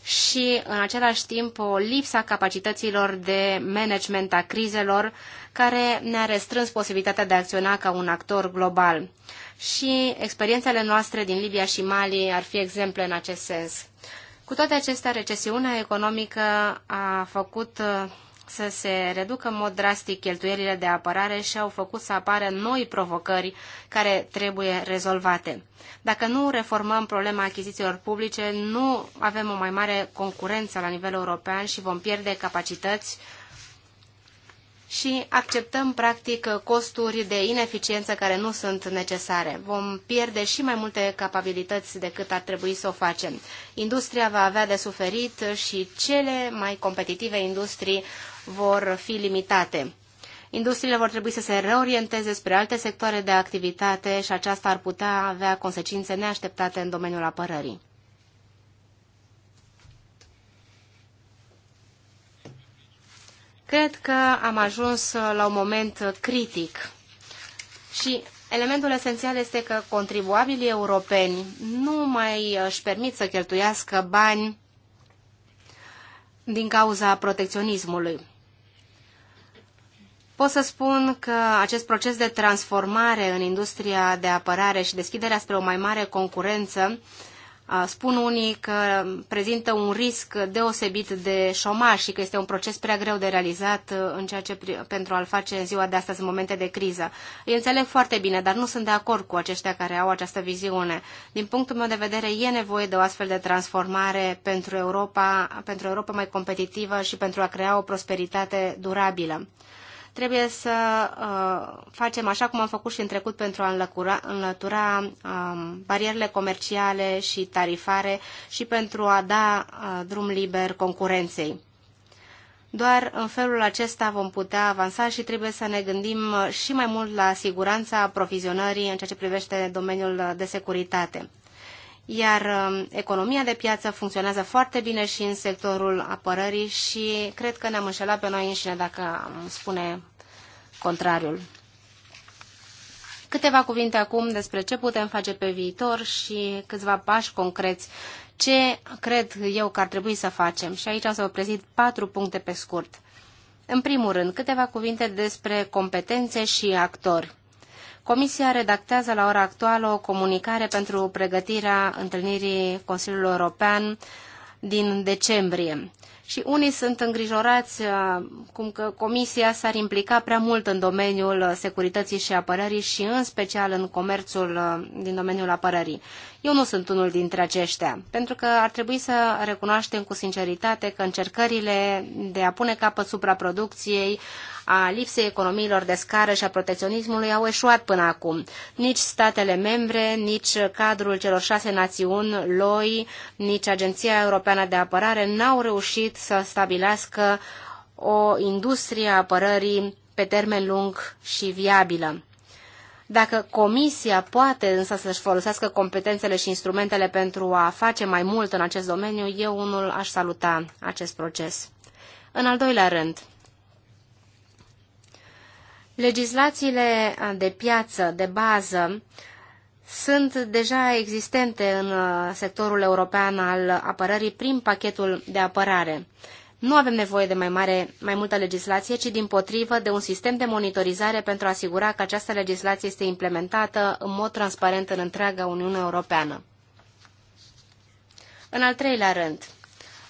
și în același timp o lipsa capacităților de management a crizelor care ne-a restrâns posibilitatea de a acționa ca un actor global. Și experiențele noastre din Libia și Mali ar fi exemple în acest sens. Cu toate acestea, recesiunea economică a făcut să se reducă în mod drastic cheltuielile de apărare și au făcut să apară noi provocări care trebuie rezolvate. Dacă nu reformăm problema achizițiilor publice, nu avem o mai mare concurență la nivel european și vom pierde capacități și acceptăm practic costuri de ineficiență care nu sunt necesare. Vom pierde și mai multe capabilități decât ar trebui să o facem. Industria va avea de suferit și cele mai competitive industrii vor fi limitate. Industriile vor trebui să se reorienteze spre alte sectoare de activitate și aceasta ar putea avea consecințe neașteptate în domeniul apărării. Cred că am ajuns uh, la un moment uh, critic și elementul esențial este că contribuabilii europeni nu mai uh, își permit să cheltuiască bani din cauza protecționismului. Pot să spun că acest proces de transformare în industria de apărare și deschiderea spre o mai mare concurență uh, spun unii că prezintă un risc deosebit de șomaj și că este un proces prea greu de realizat uh, în ceea ce, pentru a-l face în ziua de astăzi, în momente de criză. Îi înțeleg foarte bine, dar nu sunt de acord cu aceștia care au această viziune. Din punctul meu de vedere, e nevoie de o astfel de transformare pentru Europa, pentru Europa mai competitivă și pentru a crea o prosperitate durabilă. Trebuie să uh, facem așa cum am făcut și în trecut pentru a înlătura, înlătura um, uh, barierele comerciale și tarifare și pentru a da uh, drum liber concurenței. Doar în felul acesta vom putea avansa și trebuie să ne gândim uh, și mai mult la siguranța aprovizionării în ceea ce privește domeniul de securitate iar um, economia de piață funcționează foarte bine și în sectorul apărării și cred că ne-am înșelat pe noi înșine dacă am spune contrariul. Câteva cuvinte acum despre ce putem face pe viitor și câțiva pași concreți ce cred eu că ar trebui să facem. Și aici am să vă prezint patru puncte pe scurt. În primul rând, câteva cuvinte despre competențe și actori. Comisia redactează la ora actuală o comunicare pentru pregătirea întâlnirii Consiliului European din decembrie. Și unii sunt îngrijorați uh, cum că Comisia s-ar implica prea mult în domeniul securității și apărării și în special în comerțul uh, din domeniul apărării. Eu nu sunt unul dintre aceștia, pentru că ar trebui să recunoaștem cu sinceritate că încercările de a pune capăt supraproducției, a lipsei economiilor de scară și a protecționismului au eșuat până acum. Nici statele membre, nici cadrul celor șase națiuni, LOI, nici Agenția Europeană de Apărare n-au reușit să stabilească o industrie a apărării pe termen lung și viabilă. Dacă comisia poate însă să-și folosească competențele și instrumentele pentru a face mai mult în acest domeniu, eu unul aș saluta acest proces. În al doilea rând, legislațiile de piață, de bază, sunt deja existente în uh, sectorul european al apărării prin pachetul de apărare. Nu avem nevoie de mai, mare, mai multă legislație, ci din potrivă de un sistem de monitorizare pentru a asigura că această legislație este implementată în mod transparent în întreaga Uniune Europeană. În al treilea rând,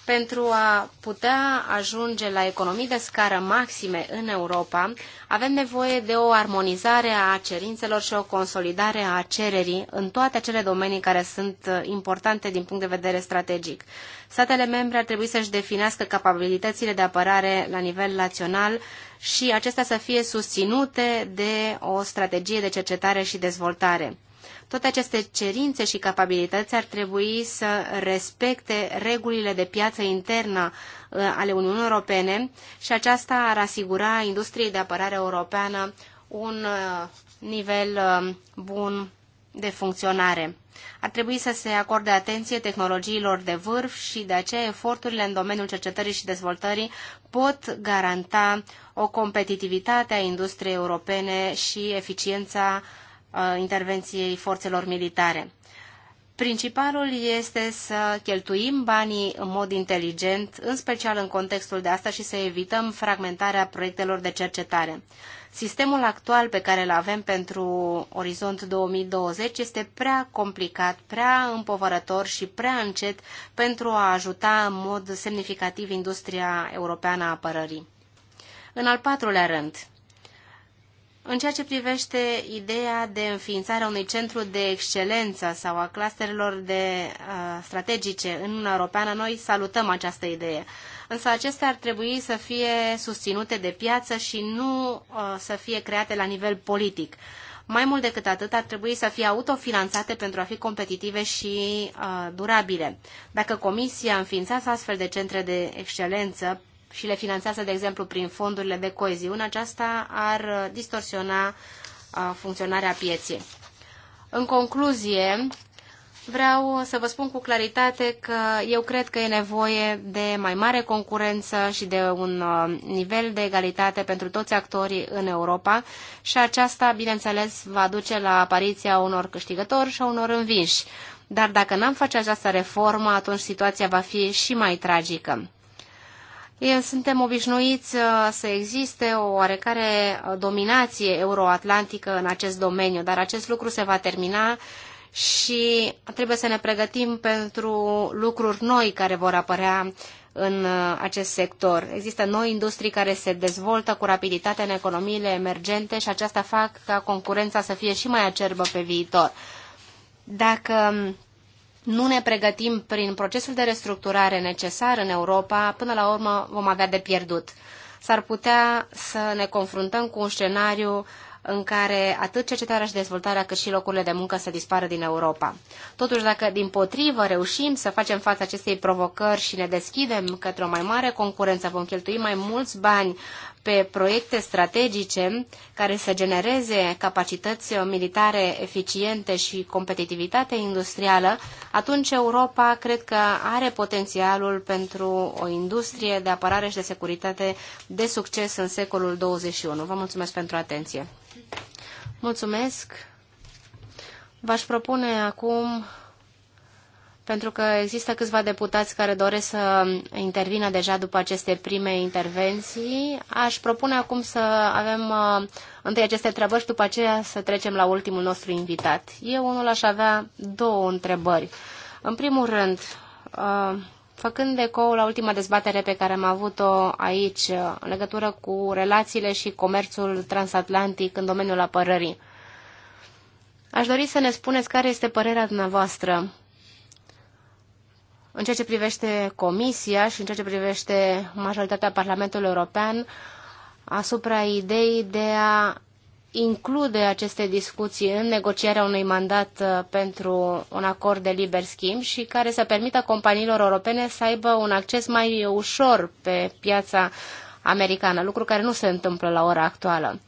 pentru a putea ajunge la economii de scară maxime în Europa, avem nevoie de o armonizare a cerințelor și o consolidare a cererii în toate acele domenii care sunt uh, importante din punct de vedere strategic. Statele membre ar trebui să-și definească capabilitățile de apărare la nivel național și acestea să fie susținute de o strategie de cercetare și dezvoltare. Toate aceste cerințe și capabilități ar trebui să respecte regulile de piață internă uh, ale Uniunii Europene și aceasta ar asigura industriei de apărare europeană un uh, nivel uh, bun de funcționare. Ar trebui să se acorde atenție tehnologiilor de vârf și de aceea eforturile în domeniul cercetării și dezvoltării pot garanta o competitivitate a industriei europene și eficiența Uh, intervenției forțelor militare. Principalul este să cheltuim banii în mod inteligent, în special în contextul de asta și să evităm fragmentarea proiectelor de cercetare. Sistemul actual pe care îl avem pentru Orizont 2020 este prea complicat, prea împovărător și prea încet pentru a ajuta în mod semnificativ industria europeană a apărării. În al patrulea rând, în ceea ce privește ideea de înființarea unui centru de excelență sau a clusterelor de uh, strategice în Uniunea Europeană, noi salutăm această idee. Însă acestea ar trebui să fie susținute de piață și nu uh, să fie create la nivel politic. Mai mult decât atât, ar trebui să fie autofinanțate pentru a fi competitive și uh, durabile. Dacă Comisia înființează astfel de centre de excelență și le finanțează, de exemplu, prin fondurile de coeziune, aceasta ar uh, distorsiona uh, funcționarea pieței. În concluzie, vreau să vă spun cu claritate că eu cred că e nevoie de mai mare concurență și de un uh, nivel de egalitate pentru toți actorii în Europa și aceasta, bineînțeles, va duce la apariția unor câștigători și a unor învinși. Dar dacă n-am face această reformă, atunci situația va fi și mai tragică. Suntem obișnuiți uh, să existe o oarecare uh, dominație euroatlantică în acest domeniu, dar acest lucru se va termina și trebuie să ne pregătim pentru lucruri noi care vor apărea în uh, acest sector. Există noi industrii care se dezvoltă cu rapiditate în economiile emergente și aceasta fac ca concurența să fie și mai acerbă pe viitor. Dacă um, nu ne pregătim prin procesul de restructurare necesar în Europa, până la urmă vom avea de pierdut. S-ar putea să ne confruntăm cu un scenariu în care atât cercetarea și dezvoltarea cât și locurile de muncă să dispară din Europa. Totuși, dacă din potrivă reușim să facem față acestei provocări și ne deschidem către o mai mare concurență, vom cheltui mai mulți bani pe proiecte strategice care să genereze capacități militare eficiente și competitivitate industrială, atunci Europa cred că are potențialul pentru o industrie de apărare și de securitate de succes în secolul 21. Vă mulțumesc pentru atenție. Mulțumesc. V-aș propune acum pentru că există câțiva deputați care doresc să intervină deja după aceste prime intervenții. Aș propune acum să avem uh, întâi aceste întrebări și după aceea să trecem la ultimul nostru invitat. Eu unul aș avea două întrebări. În primul rând, uh, făcând ecou la ultima dezbatere pe care am avut-o aici uh, în legătură cu relațiile și comerțul transatlantic în domeniul apărării, aș dori să ne spuneți care este părerea dumneavoastră în ceea ce privește Comisia și în ceea ce privește majoritatea Parlamentului European, asupra ideii de a include aceste discuții în negocierea unui mandat uh, pentru un acord de liber schimb și care să permită companiilor europene să aibă un acces mai ușor pe piața americană, lucru care nu se întâmplă la ora actuală.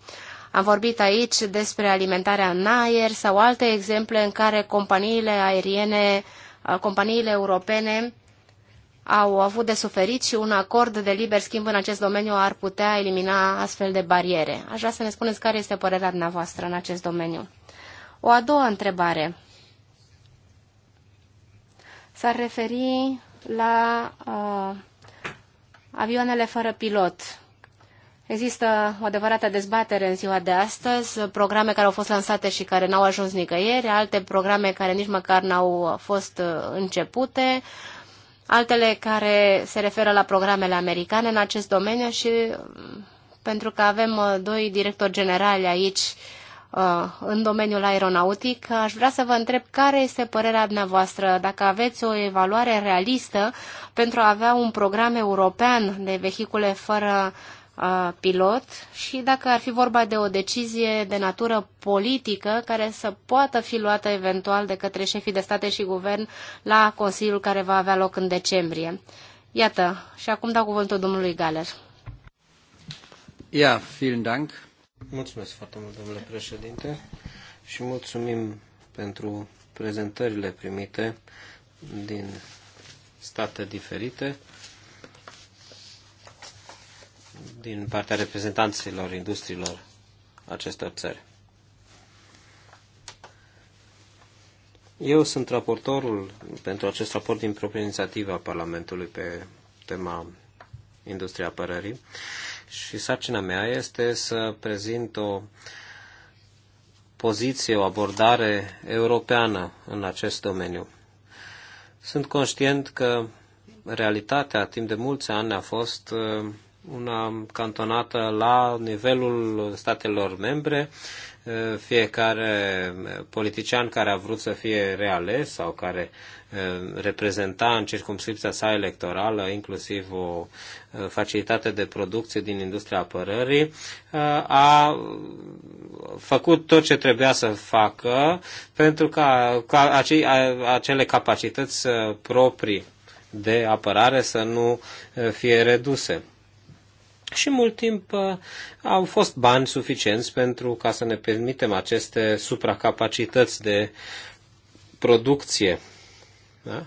Am vorbit aici despre alimentarea în aer sau alte exemple în care companiile aeriene uh, companiile europene au avut de suferit și un acord de liber schimb în acest domeniu ar putea elimina astfel de bariere. Aș vrea să ne spuneți care este părerea dumneavoastră în acest domeniu. O a doua întrebare s-ar referi la uh, avioanele fără pilot. Există o adevărată dezbatere în ziua de astăzi, programe care au fost lansate și care n-au ajuns nicăieri, alte programe care nici măcar n-au fost uh, începute, altele care se referă la programele americane în acest domeniu și mm, pentru că avem uh, doi directori generali aici uh, în domeniul aeronautic, aș vrea să vă întreb care este părerea dumneavoastră, dacă aveți o evaluare realistă pentru a avea un program european de vehicule fără pilot și dacă ar fi vorba de o decizie de natură politică care să poată fi luată eventual de către șefii de state și guvern la Consiliul care va avea loc în decembrie. Iată, și acum dau cuvântul domnului Galer. Ia, vielen Dank. Mulțumesc foarte mult, domnule președinte, și mulțumim pentru prezentările primite din state diferite din partea reprezentanților industriilor acestor țări. Eu sunt raportorul pentru acest raport din proprie inițiativă a Parlamentului pe tema industria apărării și sarcina mea este să prezint o poziție, o abordare europeană în acest domeniu. Sunt conștient că realitatea timp de mulți ani a fost uh, una cantonată la nivelul statelor membre. Fiecare politician care a vrut să fie reales sau care eh, reprezenta în circumscripția sa electorală, inclusiv o eh, facilitate de producție din industria apărării, eh, a făcut tot ce trebuia să facă pentru ca, ca acele capacități proprii de apărare să nu fie reduse și mult timp uh, au fost bani suficienți pentru ca să ne permitem aceste supracapacități de producție. Da?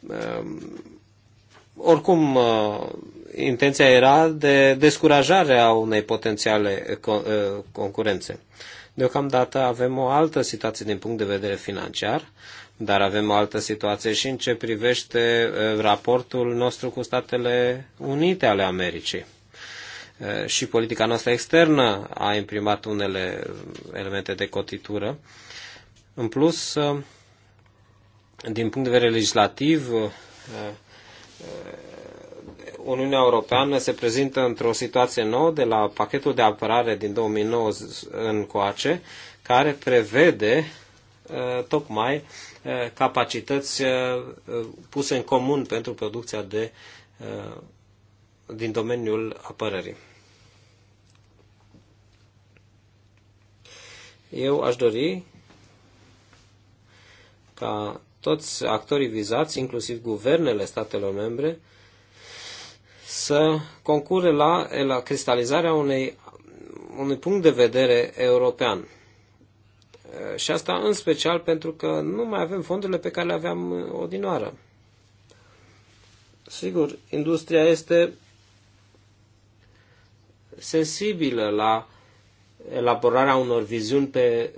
Um, oricum, uh, intenția era de descurajare a unei potențiale uh, concurențe. Deocamdată avem o altă situație din punct de vedere financiar dar avem o altă situație și în ce privește raportul nostru cu Statele Unite ale Americii. Și politica noastră externă a imprimat unele elemente de cotitură. În plus, din punct de vedere legislativ, Uniunea Europeană se prezintă într-o situație nouă de la pachetul de apărare din 2009 în coace, care prevede tocmai Eh, capacități eh, puse în comun pentru producția de, eh, din domeniul apărării. Eu aș dori ca toți actorii vizați, inclusiv guvernele statelor membre, să concure la, la cristalizarea unei, unui punct de vedere european Eh, și asta în special pentru că nu mai avem fondurile pe care le aveam eh, odinoară. Sigur, industria este sensibilă la elaborarea unor viziuni pe, eh,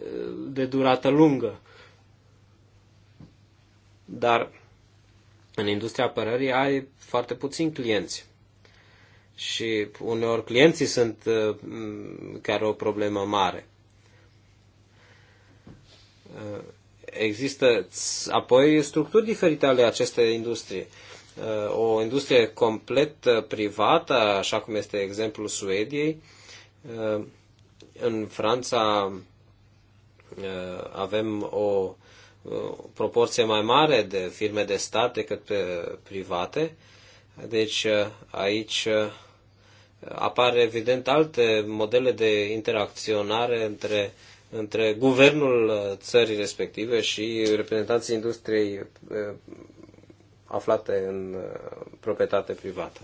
de durată lungă. Dar în industria apărării ai foarte puțini clienți. Și uneori clienții sunt chiar o problemă mare. Eh, există apoi structuri diferite ale acestei industrie. Eh, o industrie complet eh, privată, așa cum este exemplul Suediei. În Franța avem o proporție mai mare de firme de stat decât private. Deci aici apar evident alte modele de interacționare între uh, între guvernul uh, țării respective și reprezentanții industriei uh, aflate în uh, proprietate privată.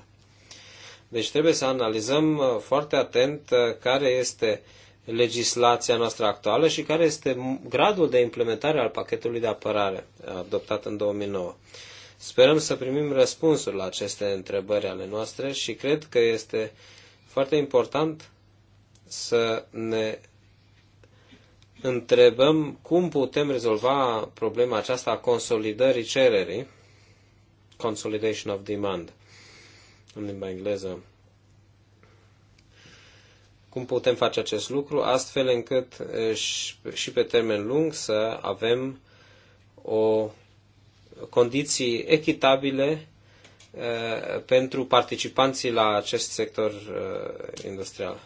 Deci trebuie să analizăm foarte atent care este legislația noastră actuală și care este gradul de implementare al pachetului de apărare adoptat în 2009. Sperăm să primim răspunsuri la aceste întrebări ale noastre și cred că este foarte important să ne întrebăm cum putem rezolva problema aceasta a consolidării cererii, consolidation of demand, în limba engleză. Cum putem face acest lucru astfel încât eh, și pe termen lung să avem o condiții echitabile eh, pentru participanții la acest sector eh, industrial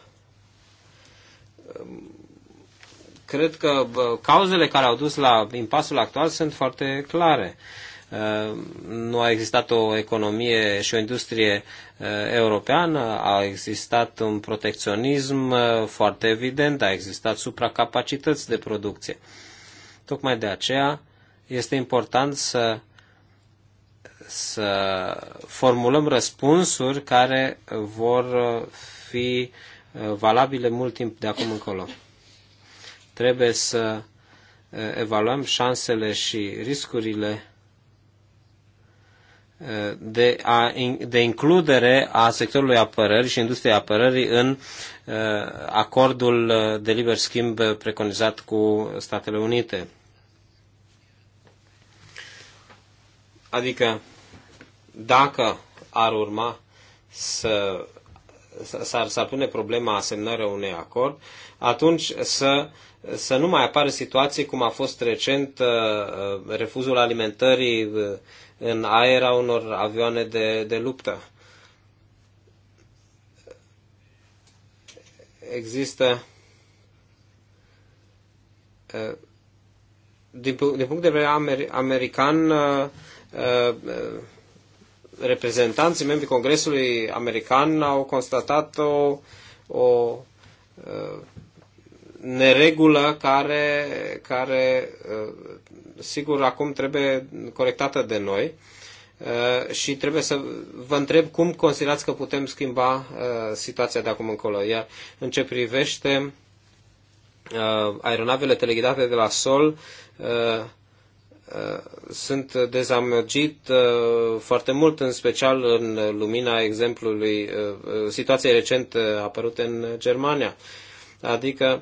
cred că cauzele care au dus la impasul actual sunt foarte clare. Uh, nu a existat o economie și o industrie uh, europeană, a existat un protecționism uh, foarte evident, a existat supracapacități de producție. Tocmai de aceea este important să, să formulăm răspunsuri care vor fi valabile mult timp de acum încolo. Trebuie să evaluăm șansele și riscurile de, a, de includere a sectorului apărării și industriei apărării în acordul de liber schimb preconizat cu Statele Unite. Adică, dacă ar urma să s-ar, pune problema asemnării unui acord, atunci să să nu mai apară situații cum a fost recent uh, uh, refuzul alimentării uh, în aer a unor avioane de, de luptă. Există din, din punct de vedere amer, american reprezentanții, membrii Congresului american au constatat o, o neregulă care, care uh, sigur, acum trebuie corectată de noi uh, și trebuie să vă întreb cum considerați că putem schimba uh, situația de acum încolo. Iar în ce privește aeronavele teleghidate de la sol, sunt dezamăgit foarte mult, în special în lumina exemplului situației recent apărute în Germania. Adică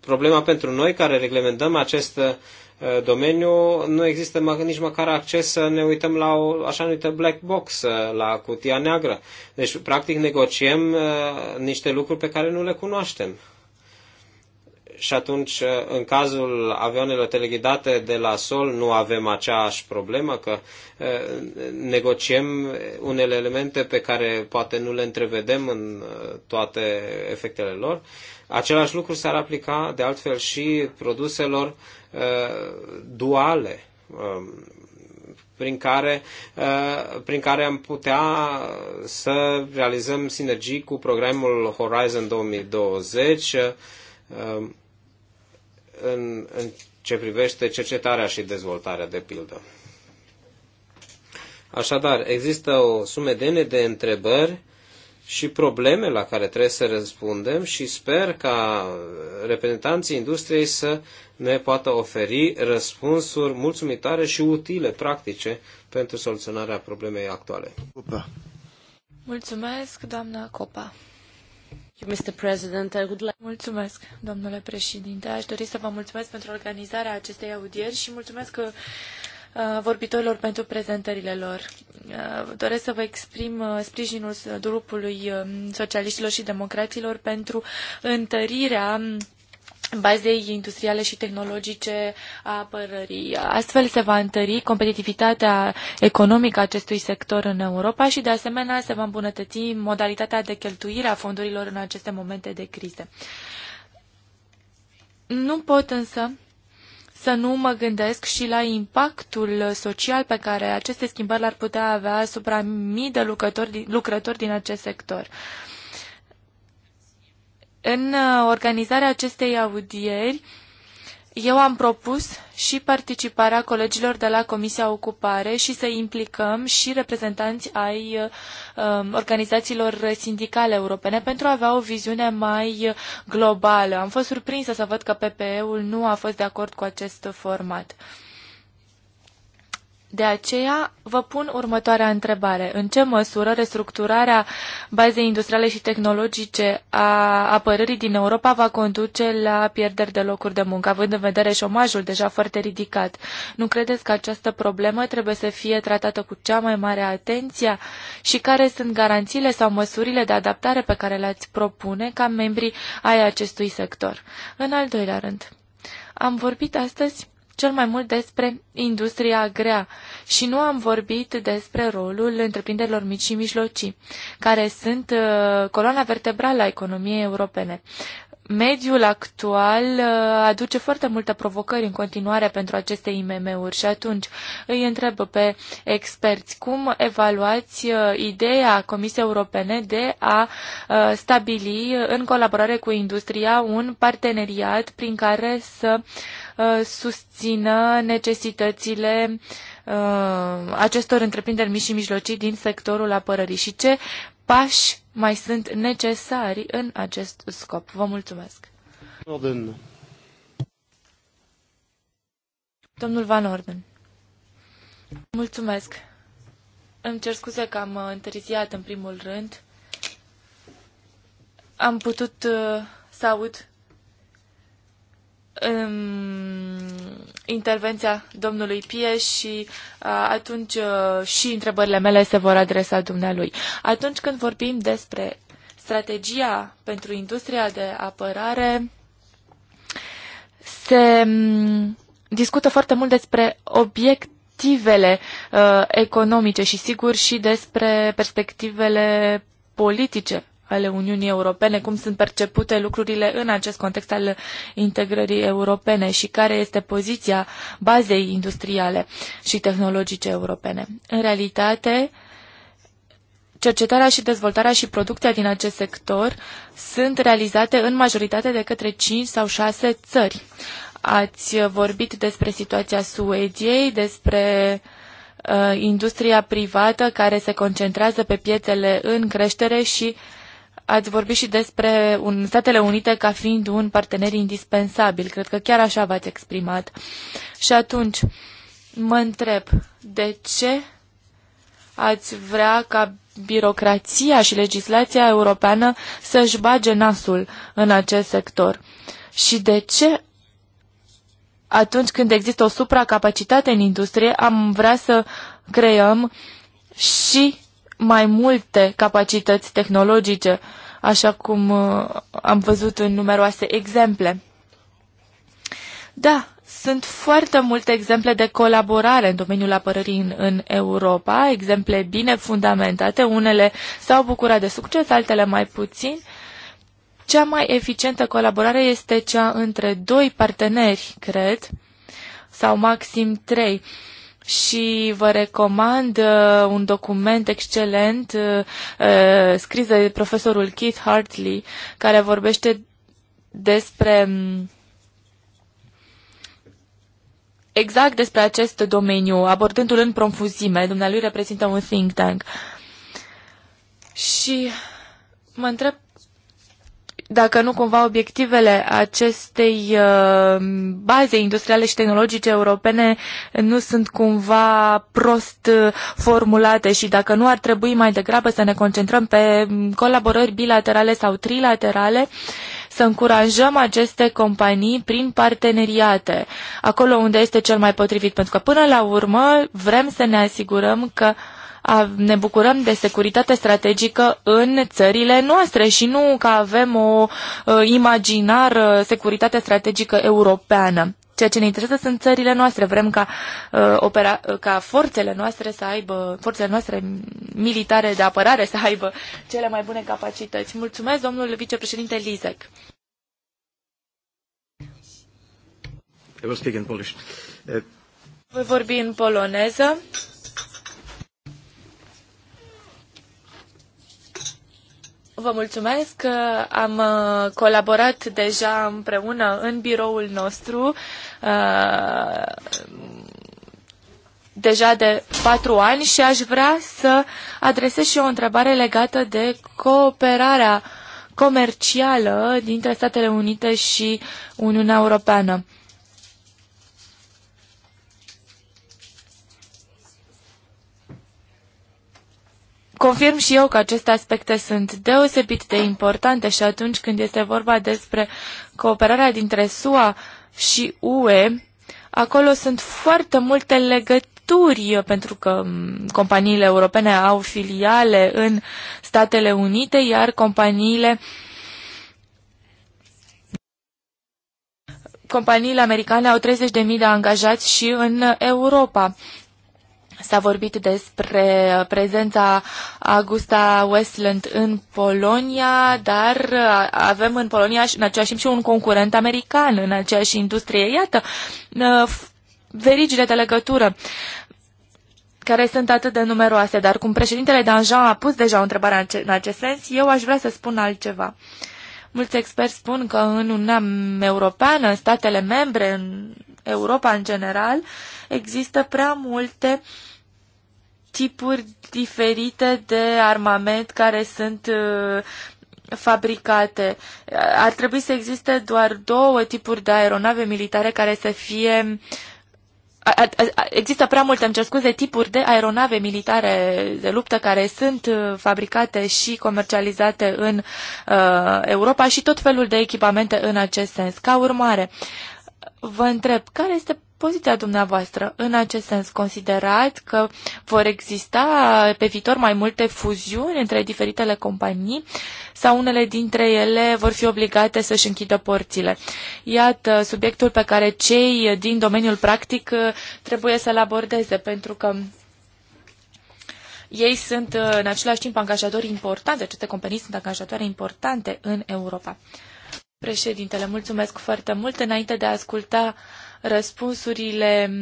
problema pentru noi care reglementăm acest uh, domeniu, nu există nici măcar acces să ne uităm la o așa numită black box, uh, la cutia neagră. Deci, practic, negociem uh, niște lucruri pe care nu le cunoaștem și atunci, uh, în cazul avioanelor teleghidate de la sol, nu avem aceeași problemă, că uh, negociem unele elemente pe care poate nu le întrevedem în uh, toate efectele lor. Același lucru s-ar aplica, de altfel, și produselor duale, um, prin care, prin care am putea să realizăm sinergii cu programul Horizon 2020, în, în ce privește cercetarea și dezvoltarea, de pildă. Așadar, există o sumedenie de întrebări și probleme la care trebuie să răspundem și sper ca reprezentanții industriei să ne poată oferi răspunsuri mulțumitoare și utile, practice, pentru soluționarea problemei actuale. Mulțumesc, doamna Copa. Mulțumesc, domnule președinte. Aș dori să vă mulțumesc pentru organizarea acestei audieri și mulțumesc că uh, vorbitorilor pentru prezentările lor. Uh, doresc să vă exprim uh, sprijinul grupului socialiștilor și democraților pentru întărirea bazei industriale și tehnologice a apărării. Astfel se va întări competitivitatea economică a acestui sector în Europa și, de asemenea, se va îmbunătăți modalitatea de cheltuire a fondurilor în aceste momente de crize. Nu pot însă să nu mă gândesc și la impactul social pe care aceste schimbări l-ar putea avea asupra mii de lucrători, din acest sector. Uh, în uh, organizarea acestei audieri, eu am propus și participarea colegilor de la Comisia Ocupare și să implicăm și reprezentanți ai uh, um, organizațiilor sindicale europene pentru a avea o viziune mai globală. Am fost surprinsă să văd că PPE-ul nu a fost de acord cu acest format. De aceea vă pun următoarea întrebare. În ce măsură restructurarea bazei industriale și tehnologice a apărării din Europa va conduce la pierderi de locuri de muncă, având în vedere șomajul deja foarte ridicat? Nu credeți că această problemă trebuie să fie tratată cu cea mai mare atenție? Și care sunt garanțiile sau măsurile de adaptare pe care le-ați propune ca membrii ai acestui sector? În al doilea rând, am vorbit astăzi cel mai mult despre industria grea și nu am vorbit despre rolul întreprinderilor mici și mijlocii, care sunt uh, coloana vertebrală a economiei europene mediul actual uh, aduce foarte multe provocări în continuare pentru aceste IMM-uri și atunci îi întreb pe experți cum evaluați uh, ideea Comisiei Europene de a uh, stabili în colaborare cu industria un parteneriat prin care să susțină necesitățile acestor întreprinderi mici și mijlocii din sectorul apărării și ce pași mai sunt necesari în acest scop. Vă mulțumesc. Orden. Domnul Van Orden. Mulțumesc. Îmi cer scuze că am uh, întârziat în primul rând. Am putut uh, să aud intervenția domnului Pie și uh, atunci uh, și întrebările mele se vor adresa dumnealui. Atunci când vorbim despre strategia pentru industria de apărare, se mm, discută foarte mult despre obiectivele uh, economice și sigur și despre perspectivele politice ale Uniunii Europene, cum sunt percepute lucrurile în acest context al integrării europene și care este poziția bazei industriale și tehnologice europene. În realitate, cercetarea și dezvoltarea și producția din acest sector sunt realizate în majoritate de către 5 sau 6 țări. Ați vorbit despre situația Suediei, despre uh, industria privată care se concentrează pe piețele în creștere și uh, Ați vorbit și despre un, Statele Unite ca fiind un partener indispensabil. Cred că chiar așa v-ați exprimat. Și atunci mă întreb, de ce ați vrea ca birocrația și legislația europeană să-și bage nasul în acest sector? Și de ce atunci când există o supracapacitate în industrie am vrea să creăm și mai multe capacități tehnologice, așa cum uh, am văzut în numeroase exemple. Da, sunt foarte multe exemple de colaborare în domeniul apărării în, în Europa, exemple bine fundamentate, unele s-au bucurat de succes, altele mai puțin. Cea mai eficientă colaborare este cea între doi parteneri, cred, sau maxim trei și vă recomand uh, un document excelent uh, uh, scris de profesorul Keith Hartley, care vorbește despre mm, exact despre acest domeniu, abordându-l în profuzime. Dumnealui reprezintă un think tank. Și mă întreb dacă nu cumva obiectivele acestei uh, baze industriale și tehnologice europene nu sunt cumva prost uh, formulate și dacă nu ar trebui mai degrabă să ne concentrăm pe colaborări bilaterale sau trilaterale, să încurajăm aceste companii prin parteneriate, acolo unde este cel mai potrivit, pentru că până la urmă vrem să ne asigurăm că ne bucurăm de securitate strategică în țările noastre și nu că avem o uh, imaginară securitate strategică europeană. Ceea ce ne interesează sunt țările noastre. Vrem ca, uh, opera, uh, ca forțele noastre să aibă, forțele noastre militare de apărare să aibă cele mai bune capacități. Mulțumesc, domnul vicepreședinte Lizek. Voi vorbi în poloneză. Vă mulțumesc că am uh, colaborat deja împreună în biroul nostru uh, deja de patru ani și aș vrea să adresez și o întrebare legată de cooperarea comercială dintre Statele Unite și Uniunea Europeană. confirm și eu că aceste aspecte sunt deosebit de importante și atunci când este vorba despre cooperarea dintre SUA și UE, acolo sunt foarte multe legături pentru că mm, companiile europene au filiale în Statele Unite, iar companiile companiile americane au 30.000 de angajați și în Europa. S-a vorbit despre prezența Augusta Westland în Polonia, dar avem în Polonia în același timp și un concurent american în aceeași industrie. Iată, uh, verigile de legătură care sunt atât de numeroase, dar cum președintele Danjean a pus deja o întrebare în acest sens, eu aș vrea să spun altceva. Mulți experți spun că în Uniunea Europeană, în statele membre, în Europa în general, există prea multe uh, tipuri diferite de armament care sunt uh, fabricate. Ar trebui să existe doar două tipuri de aeronave militare care să fie Există prea multe, îmi cer scuze, tipuri de aeronave militare de luptă care sunt uh, fabricate și comercializate în uh, Europa și tot felul de echipamente în acest sens. Ca urmare, vă întreb, care este poziția dumneavoastră în acest sens? Considerați că vor exista pe viitor mai multe fuziuni între diferitele companii sau unele dintre ele vor fi obligate să-și închidă porțile? Iată subiectul pe care cei din domeniul practic uh, trebuie să-l abordeze pentru că ei sunt uh, în același timp angajatori importante. Deci aceste companii sunt angajatoare importante în Europa. Președintele, mulțumesc foarte mult. Înainte de a asculta răspunsurile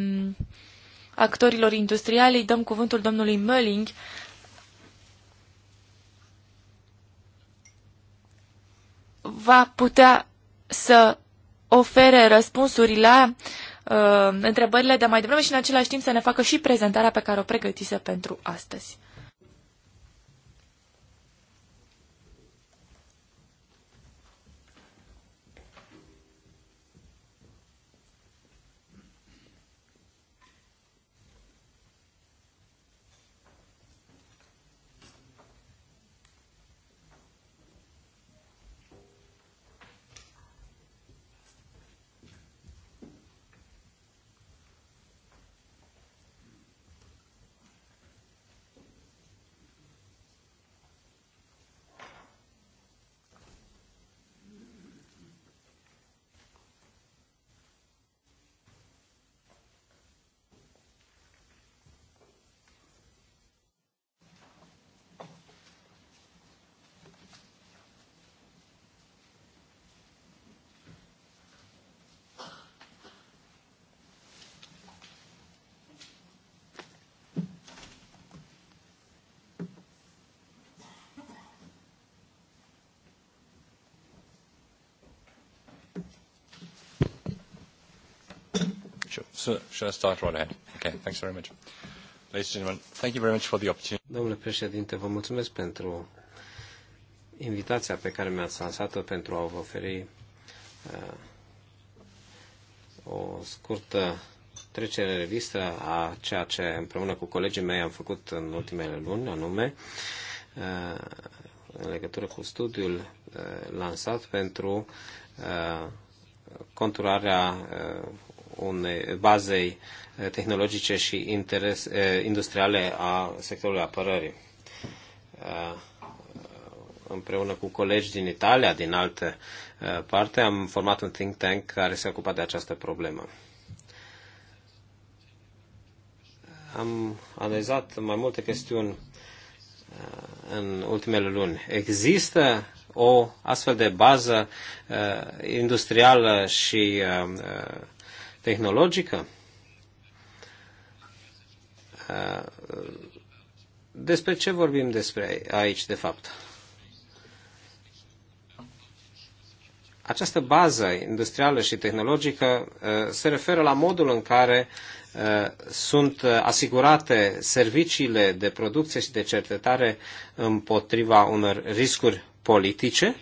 actorilor industriali. Îi dăm cuvântul domnului Mölling. Va putea să ofere răspunsuri la uh, întrebările de mai devreme și în același timp să ne facă și prezentarea pe care o pregătise pentru astăzi. So, I start right ahead? Okay, thanks very much. Ladies and gentlemen, thank you very much for the opportunity. Domnule președinte, vă mulțumesc pentru invitația pe care mi-ați lansat-o pentru a vă oferi uh, o scurtă trecere în revistă a ceea ce împreună cu colegii mei am făcut în ultimele luni, anume uh, în legătură cu studiul uh, lansat pentru uh, conturarea uh, unei bazei eh, tehnologice și interes, eh, industriale a sectorului apărării. Eh, împreună cu colegi din Italia, din alte parte, am format un think tank care se ocupa de această problemă. Am analizat mai multe chestiuni în ultimele luni. Există o astfel de bază uh, industrială și uh, tehnologică. Despre ce vorbim despre aici, de fapt? Această bază industrială și tehnologică uh, se referă la modul în care uh, sunt asigurate serviciile de producție și de cercetare împotriva unor riscuri politice,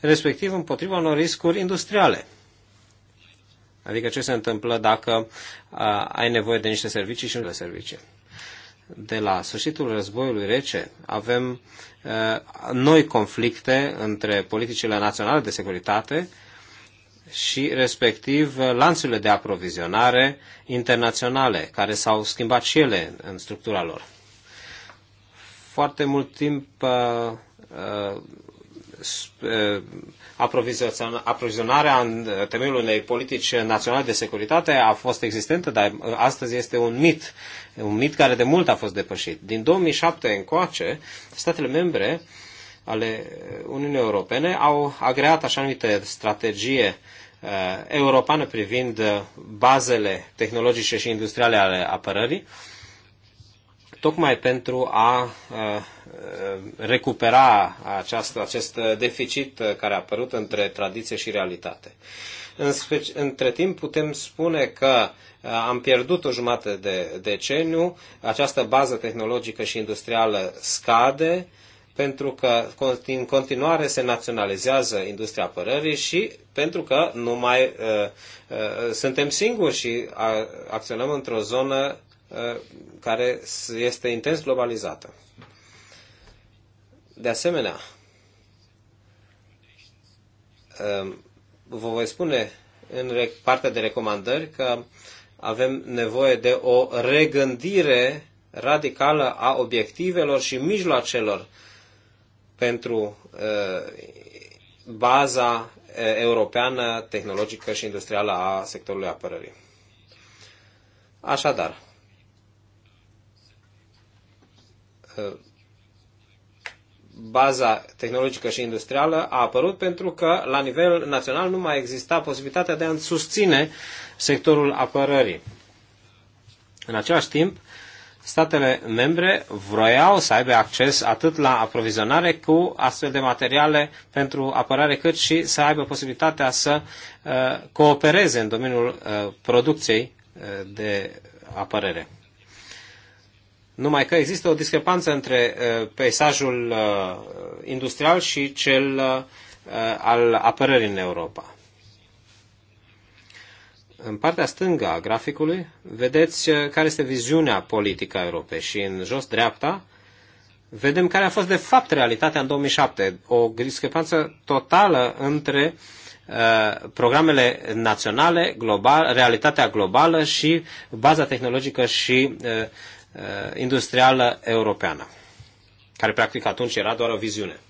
respectiv împotriva unor riscuri industriale. Adică ce se întâmplă dacă ai nevoie de niște servicii și de servicii. De la sfârșitul războiului rece avem noi conflicte între politicile naționale de securitate și respectiv lanțurile de aprovizionare internaționale, care s-au schimbat și ele în structura lor. Foarte mult timp uh, uh, aprovizionarea în temeiul unei politici naționale de securitate a fost existentă, dar uh, astăzi este un mit, un mit care de mult a fost depășit. Din 2007 încoace, statele membre ale Uniunii Europene au agreat așa numite strategie uh, europeană privind uh, bazele tehnologice și industriale ale apărării, tocmai pentru a recupera acest, acest deficit care a apărut între tradiție și realitate. În, între timp putem spune că am pierdut o jumătate de deceniu, această bază tehnologică și industrială scade, pentru că în continuare se naționalizează industria apărării și pentru că nu mai uh, uh, suntem singuri și acționăm într-o zonă Uh, care este intens globalizată. De asemenea, um, vă voi spune în partea de recomandări că avem nevoie de o regândire radicală a obiectivelor și mijloacelor pentru uh, baza uh, europeană tehnologică și industrială a sectorului apărării. Așadar, baza tehnologică și industrială a apărut pentru că la nivel național nu mai exista posibilitatea de a susține sectorul apărării. În același timp, statele membre vroiau să aibă acces atât la aprovizionare cu astfel de materiale pentru apărare, cât și să aibă posibilitatea să uh, coopereze în domeniul uh, producției uh, de apărare. Numai că există o discrepanță între uh, peisajul uh, industrial și cel uh, al apărării în Europa. În partea stângă a graficului vedeți care este viziunea politică a Europei și în jos dreapta vedem care a fost de fapt realitatea în 2007. O discrepanță totală între uh, programele naționale, global, realitatea globală și baza tehnologică și uh, Uh, industrială europeană, care practic atunci era doar o viziune.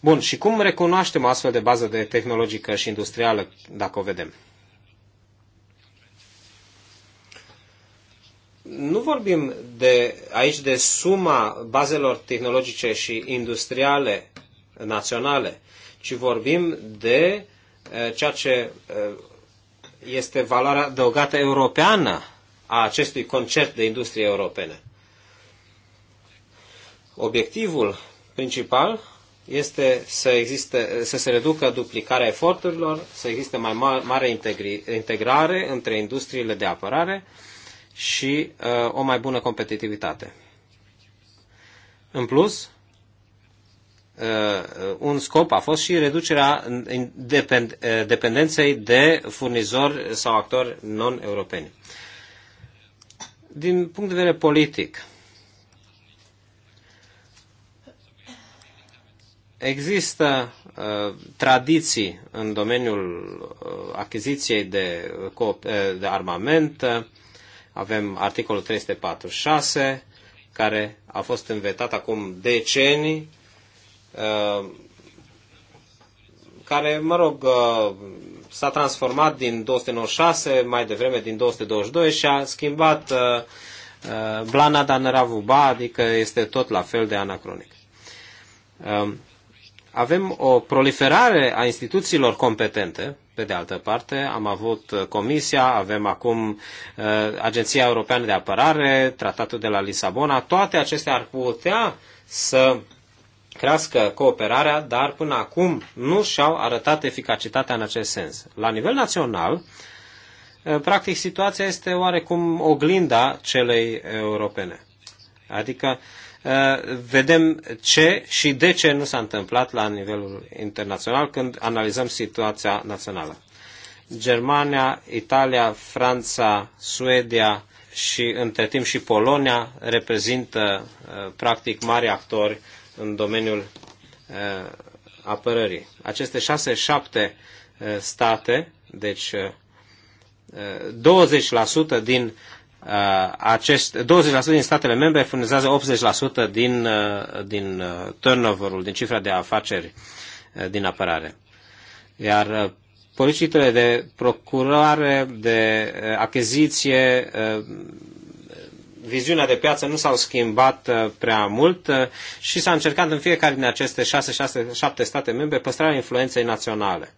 Bun, și cum recunoaștem o astfel de bază de tehnologică și industrială, dacă o vedem? Nu vorbim de, aici de suma bazelor tehnologice și industriale naționale, ci vorbim de uh, ceea ce uh, este valoarea adăugată europeană a acestui concert de industrie europene. Obiectivul principal este să, existe, să se reducă duplicarea eforturilor, să existe mai mare integri, integrare între industriile de apărare și uh, o mai bună competitivitate. În plus, uh, un scop a fost și reducerea depend, uh, dependenței de furnizori sau actori non-europeni din punct de vedere politic, există uh, tradiții în domeniul uh, achiziției de, uh, uh de armament. avem articolul 346, care a fost învetat acum decenii, uh, care, mă rog, uh, s-a transformat din 296, mai devreme din 222 și a schimbat uh, uh, blana Danaravuba, adică este tot la fel de anacronic. Um, avem o proliferare a instituțiilor competente, pe de altă parte, am avut uh, Comisia, avem acum Agenția Europeană de Apărare, Tratatul de la Lisabona, toate acestea ar putea să crească cooperarea, dar până acum nu și-au arătat eficacitatea în acest sens. La nivel național, eh, practic situația este oarecum oglinda celei europene. Adică eh, vedem ce și de ce nu s-a întâmplat la nivelul internațional când analizăm situația națională. Germania, Italia, Franța, Suedia și între timp și Polonia reprezintă eh, practic mari actori în domeniul uh, apărării. Aceste șase, șapte uh, state, deci 20% uh, din acest, 20% din statele membre furnizează 80% din, din turnover-ul, din cifra de afaceri din apărare. Iar politicile de procurare, de achiziție, viziunea de piață nu s-au schimbat uh, prea mult uh, și s-a încercat în fiecare din aceste 6-7 state membre păstrarea influenței naționale.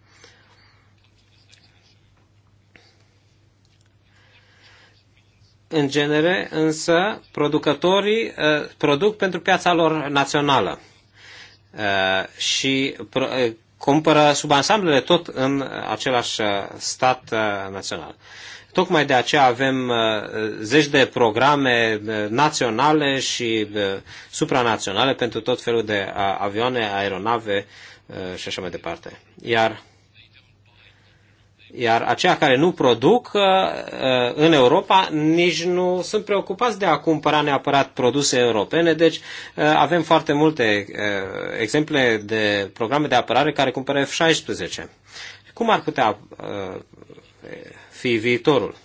În genere, însă, producătorii uh, produc pentru piața lor națională și cumpără subansamblele tot în același stat național. Tocmai de aceea avem uh, zeci de programe uh, naționale și uh, supranaționale pentru tot felul de avioane, aeronave și așa mai departe. Iar iar aceia care nu produc în Europa nici nu sunt preocupați de a cumpăra neapărat produse europene, deci avem foarte multe exemple de programe de apărare care cumpără F-16. Cum ar putea fi viitorul.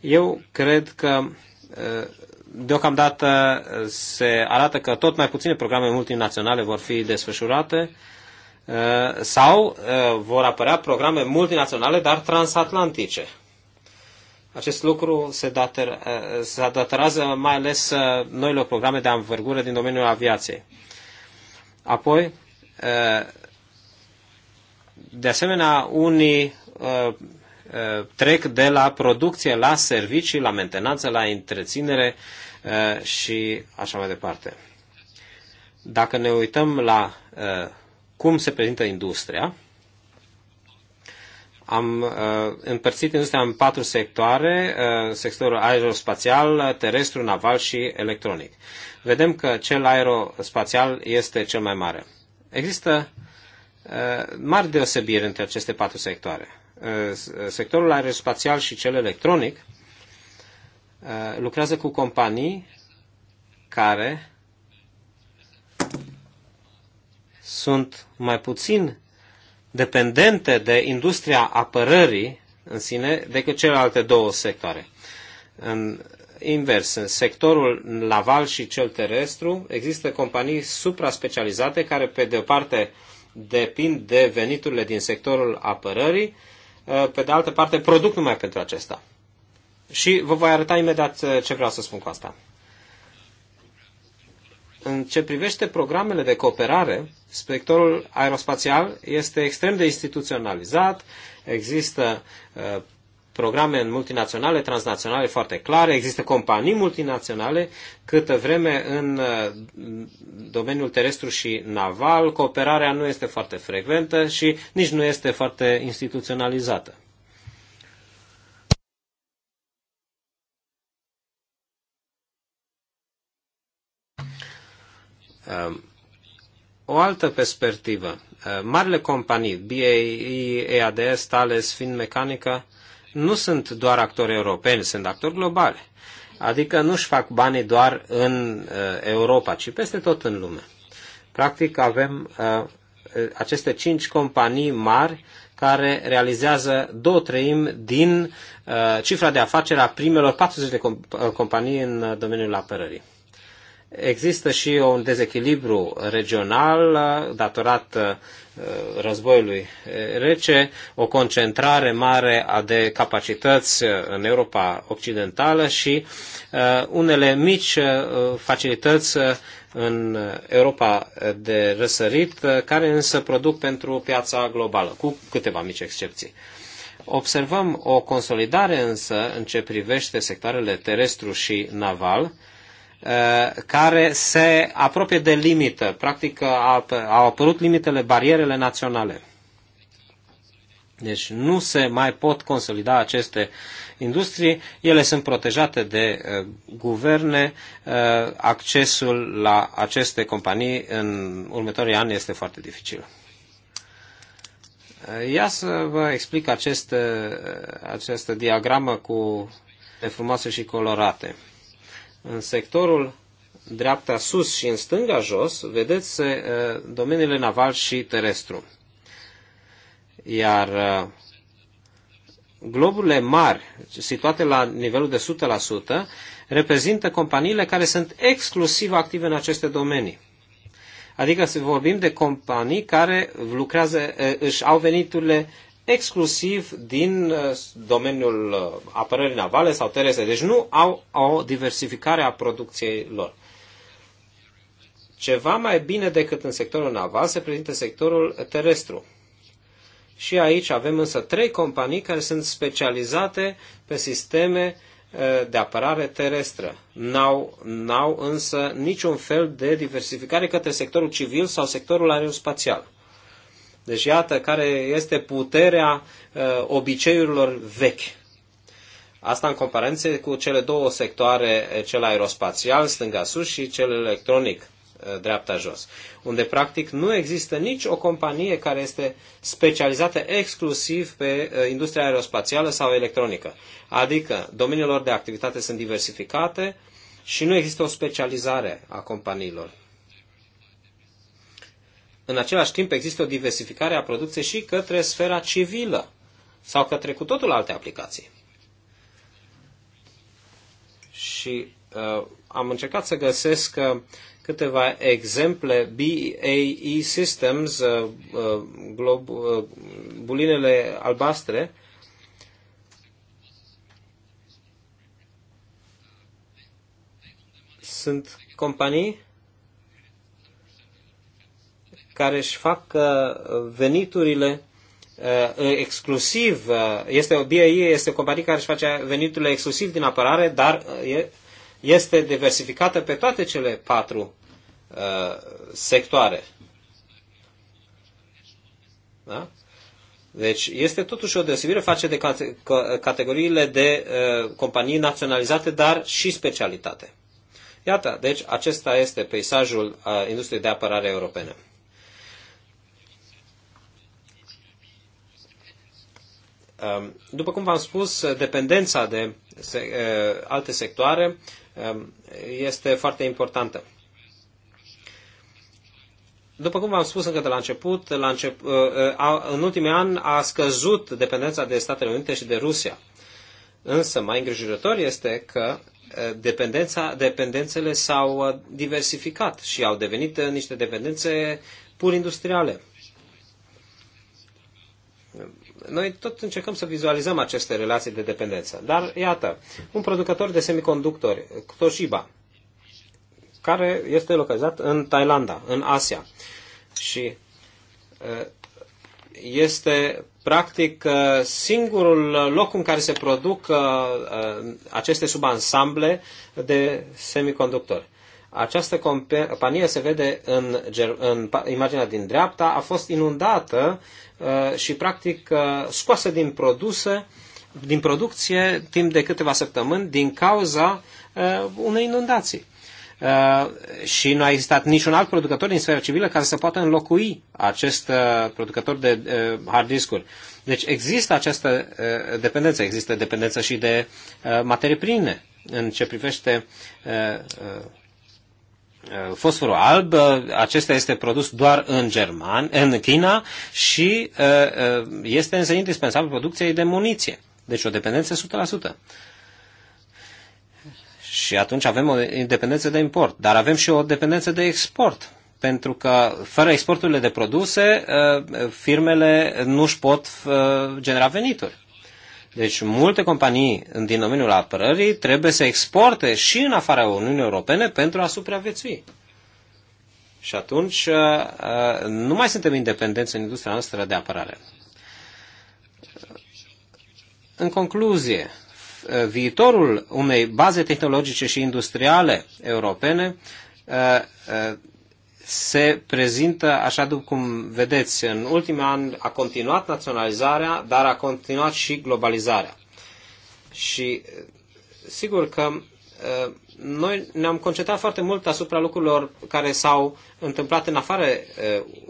Eu cred că eh, deocamdată se arată că tot mai puține programe multinaționale vor fi desfășurate eh, sau eh, vor apărea programe multinaționale, dar transatlantice. Acest lucru se, dater, se datorează mai ales noilor programe de anvergură din domeniul aviației. Apoi, de asemenea, unii Uh, trec de la producție la servicii, la mentenanță, la întreținere uh, și așa mai departe. Dacă ne uităm la uh, cum se prezintă industria, am uh, împărțit industria în patru sectoare, uh, sectorul aerospațial, terestru, naval și electronic. Vedem că cel aerospațial este cel mai mare. Există uh, mari deosebiri între aceste patru sectoare. Uh, sectorul aerospațial și cel electronic, uh, lucrează cu companii care sunt mai puțin dependente de industria apărării în sine decât celelalte două sectoare. În invers, în sectorul naval și cel terestru există companii supra-specializate care, pe de o parte, depind de veniturile din sectorul apărării Uh, pe de altă parte, produc numai pentru acesta. Și vă voi arăta imediat uh, ce vreau să spun cu asta. În ce privește programele de cooperare, spectorul aerospațial este extrem de instituționalizat, există uh, programe multinaționale, transnaționale foarte clare, există companii multinaționale, câtă vreme în uh, domeniul terestru și naval cooperarea nu este foarte frecventă și nici nu este foarte instituționalizată. Um, o altă perspectivă. Uh, marile companii, BAE, EADS, Thales, uh, nu sunt doar actori europeni, sunt actori globale. Adică nu-și fac banii doar în uh, Europa, ci peste tot în lume. Practic avem uh, aceste cinci companii mari care realizează două treimi din uh, cifra de afaceri a primelor 40 de companii în domeniul apărării. Există și un dezechilibru regional uh, datorat uh, războiului uh, rece, o concentrare mare a de capacități în Europa Occidentală și unele mici facilități în Europa de răsărit, care însă produc pentru piața globală, cu câteva mici excepții. Observăm o consolidare însă în ce privește sectoarele terestru și naval, Eh, care se apropie de limită. Practic au apărut limitele, barierele naționale. Deci nu se mai pot consolida aceste industrii, ele sunt protejate de uh, guverne, uh, accesul la aceste companii în următorii ani este foarte dificil. Uh, ia să vă explic acest, uh, această diagramă cu de frumoase și colorate. În sectorul dreapta sus și în stânga jos, vedeți uh, domeniile naval și terestru. Iar uh, globurile mari, situate la nivelul de 100%, reprezintă companiile care sunt exclusiv active în aceste domenii. Adică să vorbim de companii care lucrează, uh, își au veniturile exclusiv din uh, domeniul uh, apărării navale sau terestre. Deci nu au o diversificare a producției lor. Ceva mai bine decât în sectorul naval se prezintă sectorul terestru. Și aici avem însă trei companii care sunt specializate pe sisteme uh, de apărare terestră. N-au, n-au însă niciun fel de diversificare către sectorul civil sau sectorul aerospațial. Deci iată care este puterea uh, obiceiurilor vechi. Asta în comparație cu cele două sectoare, eh, cel aerospațial, stânga-sus și cel electronic, eh, dreapta-jos, unde practic nu există nici o companie care este specializată exclusiv pe eh, industria aerospațială sau electronică. Adică domeniilor de activitate sunt diversificate și nu există o specializare a companiilor în același timp există o diversificare a producției și către sfera civilă sau către cu totul alte aplicații. Și uh, am încercat să găsesc uh, câteva exemple BAE Systems, uh, uh, glob, uh, bulinele albastre, sunt companii care își fac uh, veniturile uh, uh, exclusiv, este, BAE este o companie care își face veniturile exclusiv din apărare, dar este diversificată pe toate cele patru sectoare. Da? Deci este totuși o deosebire face de categoriile de companii naționalizate, dar și specialitate. Iată, deci acesta este peisajul industriei de apărare europene. Um, după cum v-am spus, dependența de uh, alte sectoare um, este foarte importantă. După cum v-am spus încă de la început, la încep, uh, uh, în ultimii ani a scăzut dependența de Statele Unite și de Rusia. Însă mai îngrijorător este că dependența, dependențele s-au diversificat și au devenit niște dependențe pur industriale noi tot încercăm să vizualizăm aceste relații de dependență. Dar, iată, un producător de semiconductori, Toshiba, care este localizat în Thailanda, în Asia. Și uh, este practic uh, singurul loc în care se produc uh, aceste subansamble de semiconductori. Această companie se vede în, în imaginea din dreapta, a fost inundată Uh, și practic uh, scoasă din produse din producție timp de câteva săptămâni din cauza uh, unei inundații. Uh, și nu a existat niciun alt producător din sfera civilă care să poată înlocui acest uh, producător de uh, hard discuri. Deci există această uh, dependență, există dependență și de uh, materii prime în ce privește uh, Uh, fosforul alb, uh, acesta este produs doar în German, în China și uh, este însă indispensabil producției de muniție. Deci o dependență 100%. Și atunci avem o independență de import, dar avem și o dependență de export, pentru că fără exporturile de produse, firmele nu și pot genera venituri. Deci multe companii din domeniul apărării trebuie să exporte și în afara Uniunii Europene pentru a supraviețui. Și atunci uh, uh, nu mai suntem independenți în industria noastră de apărare. În concluzie, uh, viitorul unei baze tehnologice și industriale europene se prezintă, așa după cum vedeți, în ultimii ani a continuat naționalizarea, dar a continuat și globalizarea. Și eh, sigur că eh, noi ne-am concentrat foarte mult asupra lucrurilor care s-au întâmplat în afară eh,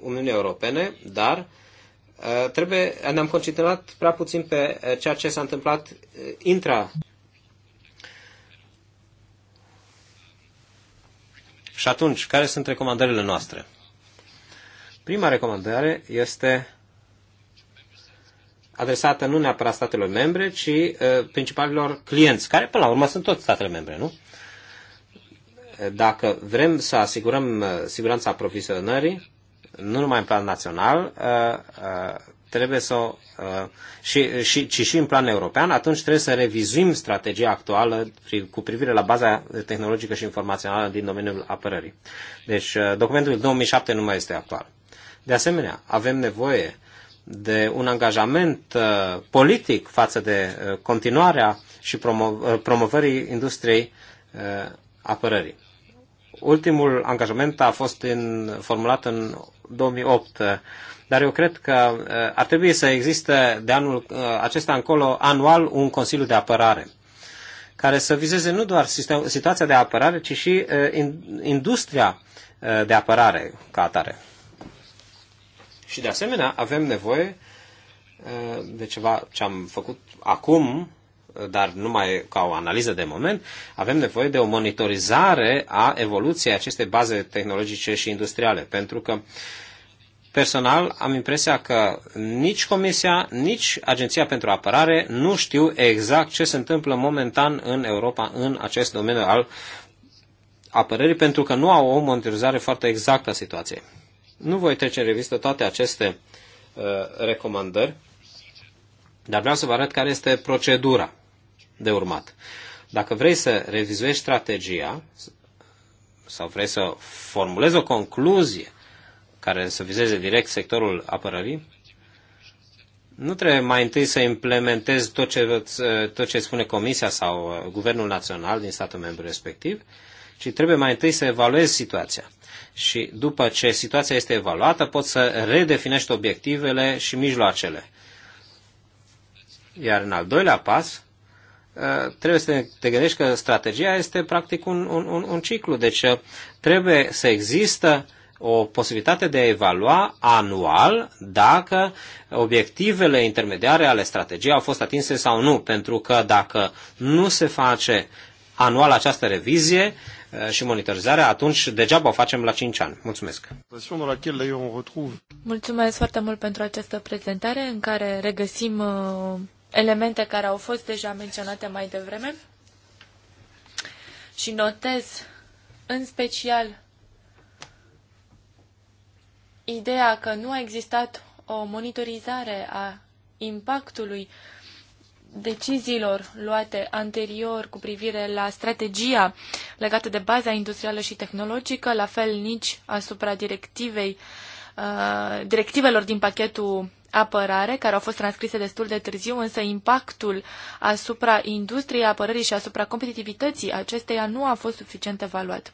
Uniunii Europene, dar trebuie, ne-am concentrat prea puțin pe ceea ce s-a întâmplat intra Și atunci, care sunt recomandările noastre? Prima recomandare este adresată nu neapărat statelor membre, ci uh, principalilor clienți, care până la urmă sunt toți statele membre, nu? Dacă vrem să asigurăm uh, siguranța aprovizionării, nu numai în plan național, uh, uh, trebuie să, uh, și, și, și, și în plan european, atunci trebuie să revizuim strategia actuală cu privire la baza tehnologică și informațională din domeniul apărării. Deci uh, documentul 2007 nu mai este actual. De asemenea, avem nevoie de un angajament uh, politic față de continuarea și promo- promovării industriei apărării. Ultimul angajament a fost în, formulat în 2008 dar eu cred că uh, ar trebui să existe de anul uh, acesta încolo anual un Consiliu de Apărare care să vizeze nu doar situația de apărare, ci și uh, industria de apărare ca atare. Și de asemenea avem nevoie de ceva ce am făcut acum, dar numai ca o analiză de moment, avem nevoie de o monitorizare a evoluției acestei baze tehnologice și industriale, pentru că uh, personal am impresia că nici Comisia, nici Agenția pentru Apărare nu știu exact ce se întâmplă momentan în Europa în acest domeniu al apărării, pentru că nu au o monitorizare foarte exactă a situației. Nu voi trece în revistă toate aceste uh, recomandări, dar vreau să vă arăt care este procedura de urmat. Dacă vrei să revizuiești strategia sau vrei să formulezi o concluzie care să vizeze direct sectorul apărării, nu trebuie mai întâi să implementezi tot ce, tot ce spune Comisia sau Guvernul Național din statul membru respectiv, ci trebuie mai întâi să evaluezi situația. Și după ce situația este evaluată, poți să redefinești obiectivele și mijloacele. Iar în al doilea pas, trebuie să te gândești că strategia este practic un, un, un, un ciclu. Deci trebuie să există o posibilitate de a evalua anual dacă obiectivele intermediare ale strategiei au fost atinse sau nu, pentru că dacă nu se face anual această revizie eh, și monitorizare, atunci degeaba o facem la 5 ani. Mulțumesc! Mulțumesc foarte mult pentru această prezentare în care regăsim uh, elemente care au fost deja menționate mai devreme și notez în special ideea că nu a existat o monitorizare a impactului deciziilor luate anterior cu privire la strategia legată de baza industrială și tehnologică, la fel nici asupra directivei, uh, directivelor din pachetul apărare, care au fost transcrise destul de târziu, însă impactul asupra industriei apărării și asupra competitivității acesteia nu a fost suficient evaluat.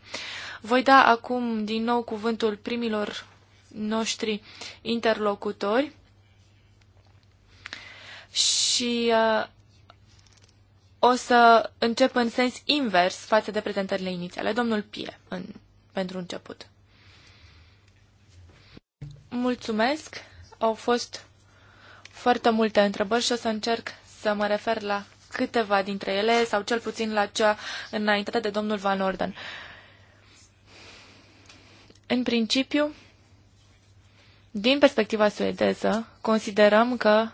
Voi da acum din nou cuvântul primilor noștri interlocutori și uh, o să încep în sens invers față de prezentările inițiale. Domnul Pie, în, pentru început. Mulțumesc. Au fost foarte multe întrebări și o să încerc să mă refer la câteva dintre ele, sau cel puțin la cea înaintată de domnul Van Orden. În principiu, din perspectiva suedeză, considerăm că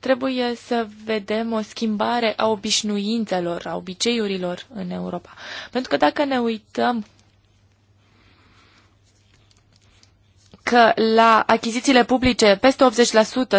trebuie să vedem o schimbare a obișnuințelor, a obiceiurilor în Europa. Pentru că dacă ne uităm că la achizițiile publice peste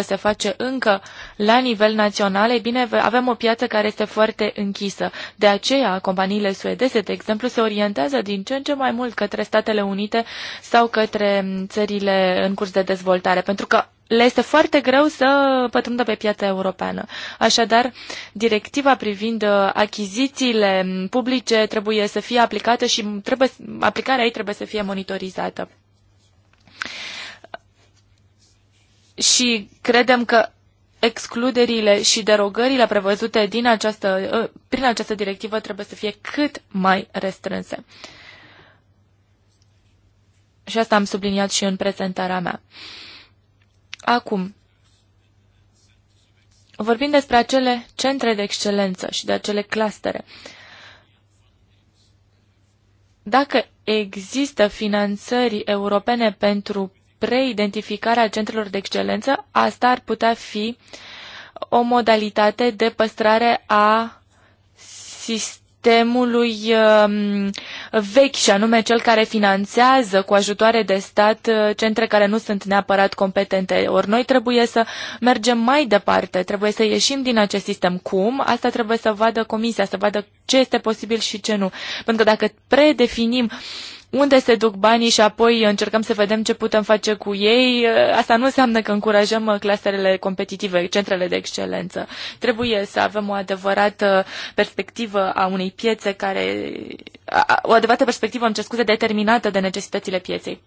80% se face încă la nivel național, e bine, avem o piață care este foarte închisă. De aceea, companiile suedeze, de exemplu, se orientează din ce în ce mai mult către Statele Unite sau către țările în curs de dezvoltare, pentru că le este foarte greu să pătrundă pe piața europeană. Așadar, directiva privind uh, achizițiile publice trebuie să fie aplicată și trebuie, aplicarea ei trebuie să fie monitorizată. și credem că excluderile și derogările prevăzute din această, ă, prin această directivă trebuie să fie cât mai restrânse. Și asta am subliniat și în prezentarea mea. Acum, vorbim despre acele centre de excelență și de acele clustere. Dacă există finanțări europene pentru preidentificarea centrelor de excelență, asta ar putea fi o modalitate de păstrare a sistemului um, vechi, și anume cel care finanțează cu ajutoare de stat uh, centre care nu sunt neapărat competente. Ori noi trebuie să mergem mai departe, trebuie să ieșim din acest sistem. Cum? Asta trebuie să vadă comisia, să vadă ce este posibil și ce nu. Pentru că dacă predefinim unde se duc banii și apoi încercăm să vedem ce putem face cu ei, asta nu înseamnă că încurajăm claserele competitive, centrele de excelență. Trebuie să avem o adevărată perspectivă a unei piețe care, o adevărată perspectivă, îmi cer scuze, determinată de necesitățile pieței.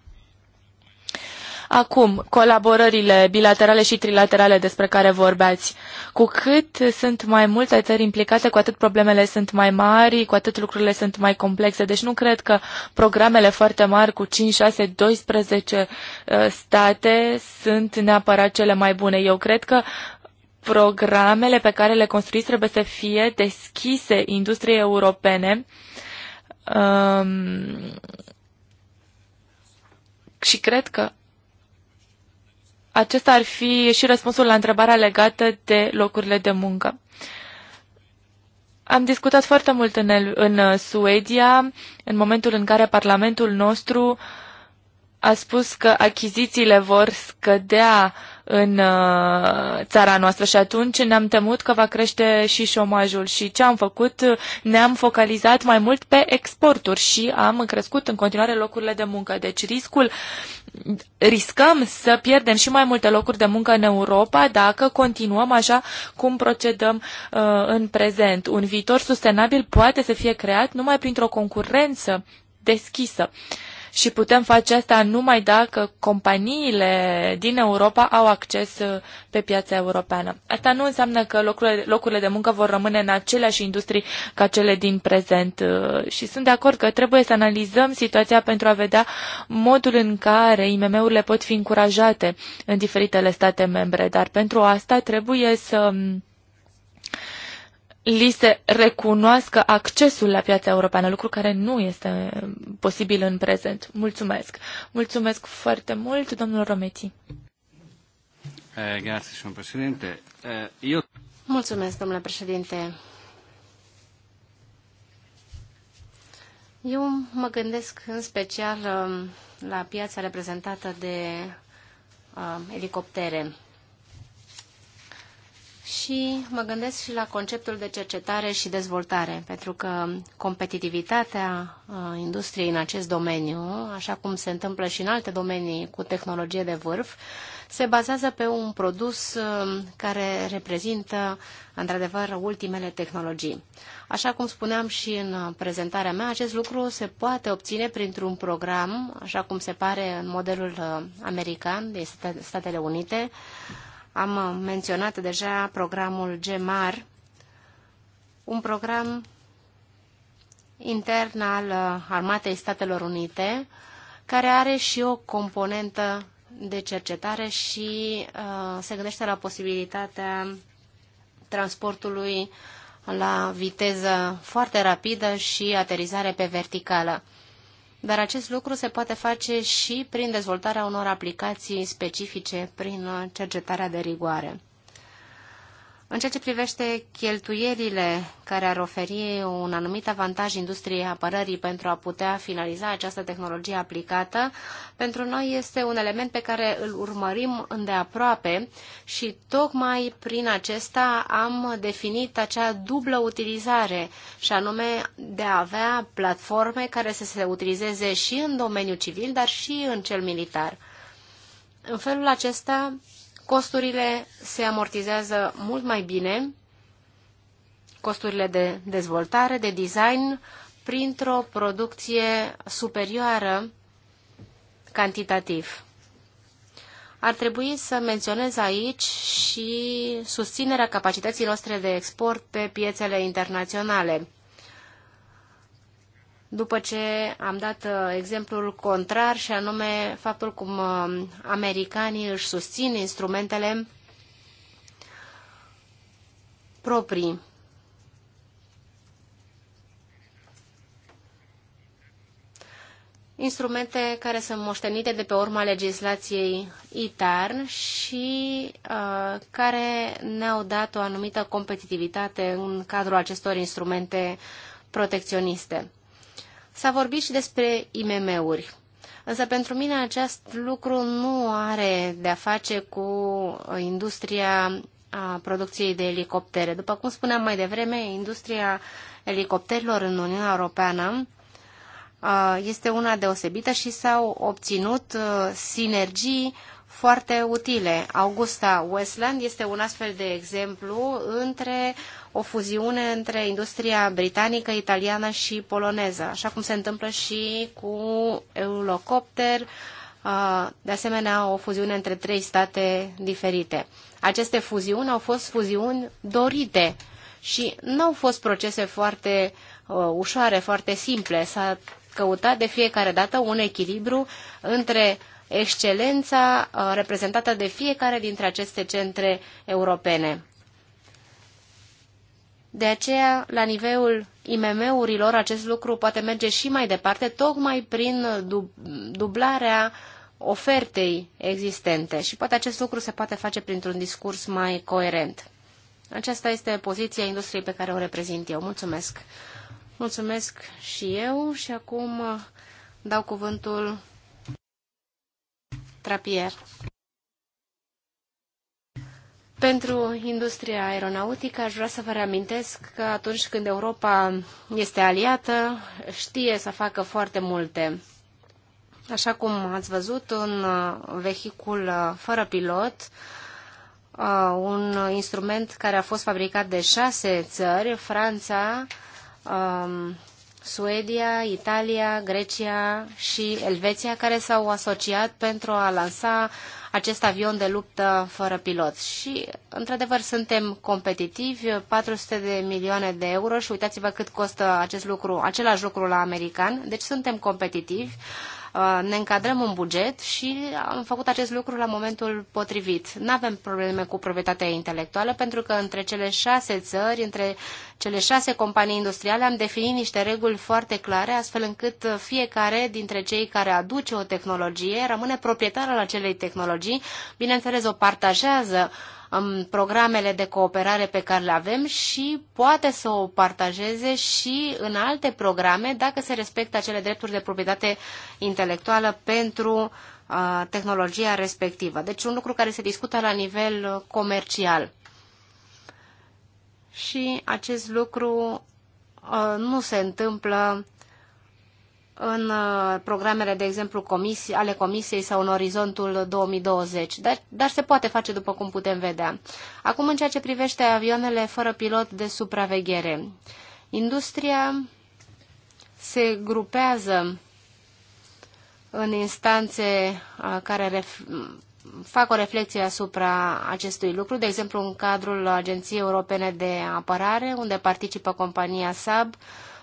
Acum, colaborările bilaterale și trilaterale despre care vorbeați. Cu cât sunt mai multe țări implicate, cu atât problemele sunt mai mari, cu atât lucrurile sunt mai complexe. Deci nu cred că programele foarte mari cu 5, 6, 12 state sunt neapărat cele mai bune. Eu cred că programele pe care le construiți trebuie să fie deschise industriei europene um, și cred că acesta ar fi și răspunsul la întrebarea legată de locurile de muncă. Am discutat foarte mult în, el, în Suedia, în momentul în care Parlamentul nostru uh, a spus că achizițiile vor scădea în uh, țara noastră și atunci ne-am temut că va crește și șomajul și ce am făcut? Ne-am focalizat mai mult pe exporturi și am crescut în continuare locurile de muncă. Deci riscul riscăm să pierdem și mai multe locuri de muncă în Europa dacă continuăm așa cum procedăm uh, în prezent. Un viitor sustenabil poate să fie creat numai printr-o concurență deschisă. Uh, și putem face asta numai dacă companiile din Europa au acces uh, pe piața europeană. Asta nu înseamnă că locurile, locurile de muncă vor rămâne în aceleași industrii ca cele din prezent uh, și sunt de acord că trebuie să analizăm situația pentru a vedea modul în care IMM-urile pot fi încurajate în diferitele state membre, dar pentru asta trebuie să mm, li se recunoască accesul la piața europeană, lucru care nu este um, posibil în prezent. Mulțumesc! Mulțumesc foarte mult, domnul Rometi. Eh, eh, Mulțumesc, domnule președinte. Eu mă gândesc în special um, la piața reprezentată de uh, elicoptere și mă gândesc și la conceptul de cercetare și dezvoltare, pentru că competitivitatea industriei în acest domeniu, așa cum se întâmplă și în alte domenii cu tehnologie de vârf, se bazează pe un produs care reprezintă, într-adevăr, ultimele tehnologii. Așa cum spuneam și în prezentarea mea, acest lucru se poate obține printr-un program, așa cum se pare în modelul american, din Statele Unite, am menționat deja programul GEMAR, un program intern al Armatei Statelor Unite, care are și o componentă de cercetare și uh, se gândește la posibilitatea transportului la viteză foarte rapidă și aterizare pe verticală dar acest lucru se poate face și prin dezvoltarea unor aplicații specifice, prin cercetarea de rigoare. În ceea ce privește cheltuielile care ar oferi un anumit avantaj industriei apărării pentru a putea finaliza această tehnologie aplicată, pentru noi este un element pe care îl urmărim îndeaproape și tocmai prin acesta am definit acea dublă utilizare și anume de a avea platforme care să se utilizeze și în domeniul civil, dar și în cel militar. În felul acesta costurile se amortizează mult mai bine, costurile de dezvoltare, de design, printr-o producție superioară cantitativ. Ar trebui să menționez aici și susținerea capacității noastre de export pe piețele internaționale după ce am dat uh, exemplul contrar și anume faptul cum uh, americanii își susțin instrumentele proprii. Instrumente care sunt moștenite de pe urma legislației ITARN și uh, care ne-au dat o anumită competitivitate în cadrul acestor instrumente protecționiste. S-a vorbit și despre IMM-uri. Însă pentru mine acest lucru nu are de-a face cu industria a producției de elicoptere. După cum spuneam mai devreme, industria elicopterilor în Uniunea Europeană este una deosebită și s-au obținut sinergii foarte utile. Augusta Westland este un astfel de exemplu între o fuziune între industria britanică, italiană și poloneză, așa cum se întâmplă și cu Eurocopter, de asemenea o fuziune între trei state diferite. Aceste fuziuni au fost fuziuni dorite și nu au fost procese foarte ușoare, foarte simple. S-a căutat de fiecare dată un echilibru între excelența reprezentată de fiecare dintre aceste centre europene. De aceea, la nivelul IMM-urilor, acest lucru poate merge și mai departe, tocmai prin dublarea ofertei existente și poate acest lucru se poate face printr-un discurs mai coerent. Aceasta este poziția industriei pe care o reprezint eu. Mulțumesc! Mulțumesc și eu și acum dau cuvântul Trapier. Pentru industria aeronautică aș vrea să vă reamintesc că atunci când Europa este aliată, știe să facă foarte multe. Așa cum ați văzut, un vehicul fără pilot, uh, un instrument care a fost fabricat de șase țări, Franța, um, Suedia, Italia, Grecia și Elveția care s-au asociat pentru a lansa acest avion de luptă fără pilot. Și, într-adevăr, suntem competitivi, 400 de milioane de euro și uitați-vă cât costă acest lucru, același lucru la american, deci suntem competitivi. Uh, Uh, ne încadrăm în buget și am făcut acest lucru la momentul potrivit. Nu avem probleme cu proprietatea intelectuală pentru că între cele șase țări, între cele șase companii industriale am definit niște reguli foarte clare astfel încât fiecare dintre cei care aduce o tehnologie rămâne proprietar al acelei tehnologii, bineînțeles o partajează în um, programele de cooperare pe care le avem și poate să o partajeze și în alte programe dacă se respectă acele drepturi de proprietate intelectuală pentru uh, tehnologia respectivă. Deci un lucru care se discută la nivel comercial. Și acest lucru uh, nu se întâmplă în uh, programele, de exemplu, comisii, ale Comisiei sau în orizontul 2020, dar, dar se poate face după cum putem vedea. Acum, în ceea ce privește avioanele fără pilot de supraveghere, industria se grupează în instanțe uh, care fac o reflexie asupra acestui lucru, de exemplu în cadrul Agenției Europene de Apărare, unde participă compania SAB,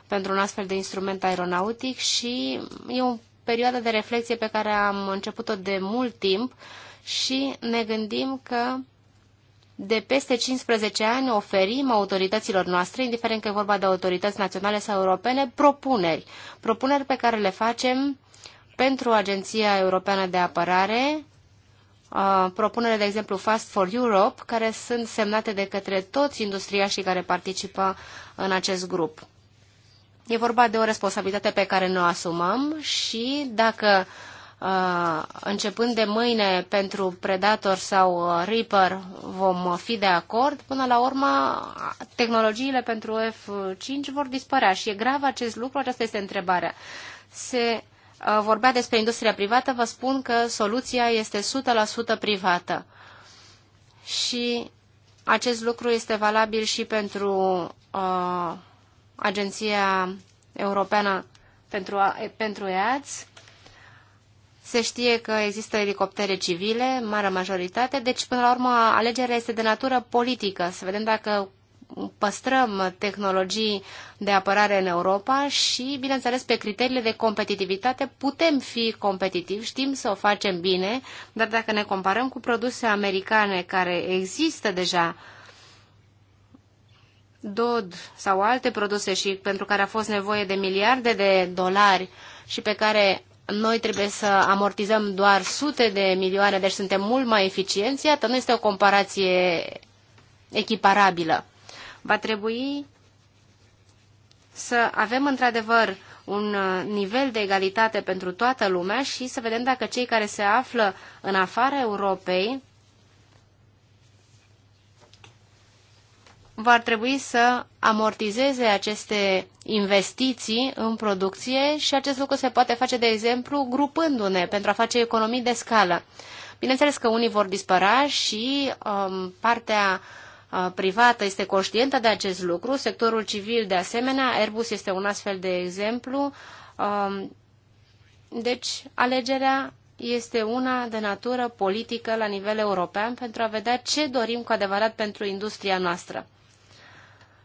pentru un astfel de instrument aeronautic și e o perioadă de reflexie pe care am început-o de mult timp și ne gândim că de peste 15 ani oferim autorităților noastre, indiferent că e vorba de autorități naționale sau europene, propuneri. Propuneri pe care le facem pentru Agenția Europeană de Apărare, propunere, de exemplu, Fast for Europe, care sunt semnate de către toți industriașii care participă în acest grup. E vorba de o responsabilitate pe care ne o asumăm și dacă uh, începând de mâine pentru Predator sau uh, Reaper vom fi de acord, până la urmă tehnologiile pentru F5 vor dispărea și e grav acest lucru, aceasta este întrebarea. Se uh, vorbea despre industria privată, vă spun că soluția este 100% privată. Și acest lucru este valabil și pentru uh, Agenția Europeană pentru, pentru EADS. Se știe că există elicoptere civile, marea majoritate, deci până la urmă alegerea este de natură politică. Să vedem dacă păstrăm tehnologii de apărare în Europa și, bineînțeles, pe criteriile de competitivitate putem fi competitivi, știm să o facem bine, dar dacă ne comparăm cu produse americane care există deja DOD sau alte produse și pentru care a fost nevoie de miliarde de dolari și pe care noi trebuie să amortizăm doar sute de milioane, deci suntem mult mai eficienți, iată, nu este o comparație echiparabilă. Va trebui să avem într-adevăr un nivel de egalitate pentru toată lumea și să vedem dacă cei care se află în afara Europei va trebui să amortizeze aceste investiții în producție și acest lucru se poate face, de exemplu, grupându-ne pentru a face economii de scală. Bineînțeles că unii vor dispăra și um, partea uh, privată este conștientă de acest lucru, sectorul civil de asemenea, Airbus este un astfel de exemplu. Um, deci, alegerea este una de natură politică la nivel european pentru a vedea ce dorim cu adevărat pentru industria noastră.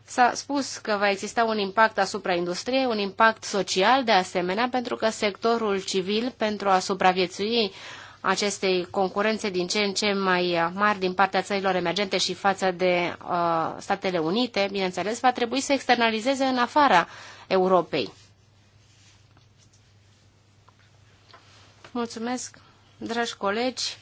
S-a spus că va exista un impact asupra industriei, un impact social de asemenea, pentru că sectorul civil, pentru a supraviețui acestei concurențe din ce în ce mai mari din partea țărilor emergente și față de uh, Statele Unite, bineînțeles, va trebui să externalizeze în afara Europei. Mulțumesc, dragi colegi.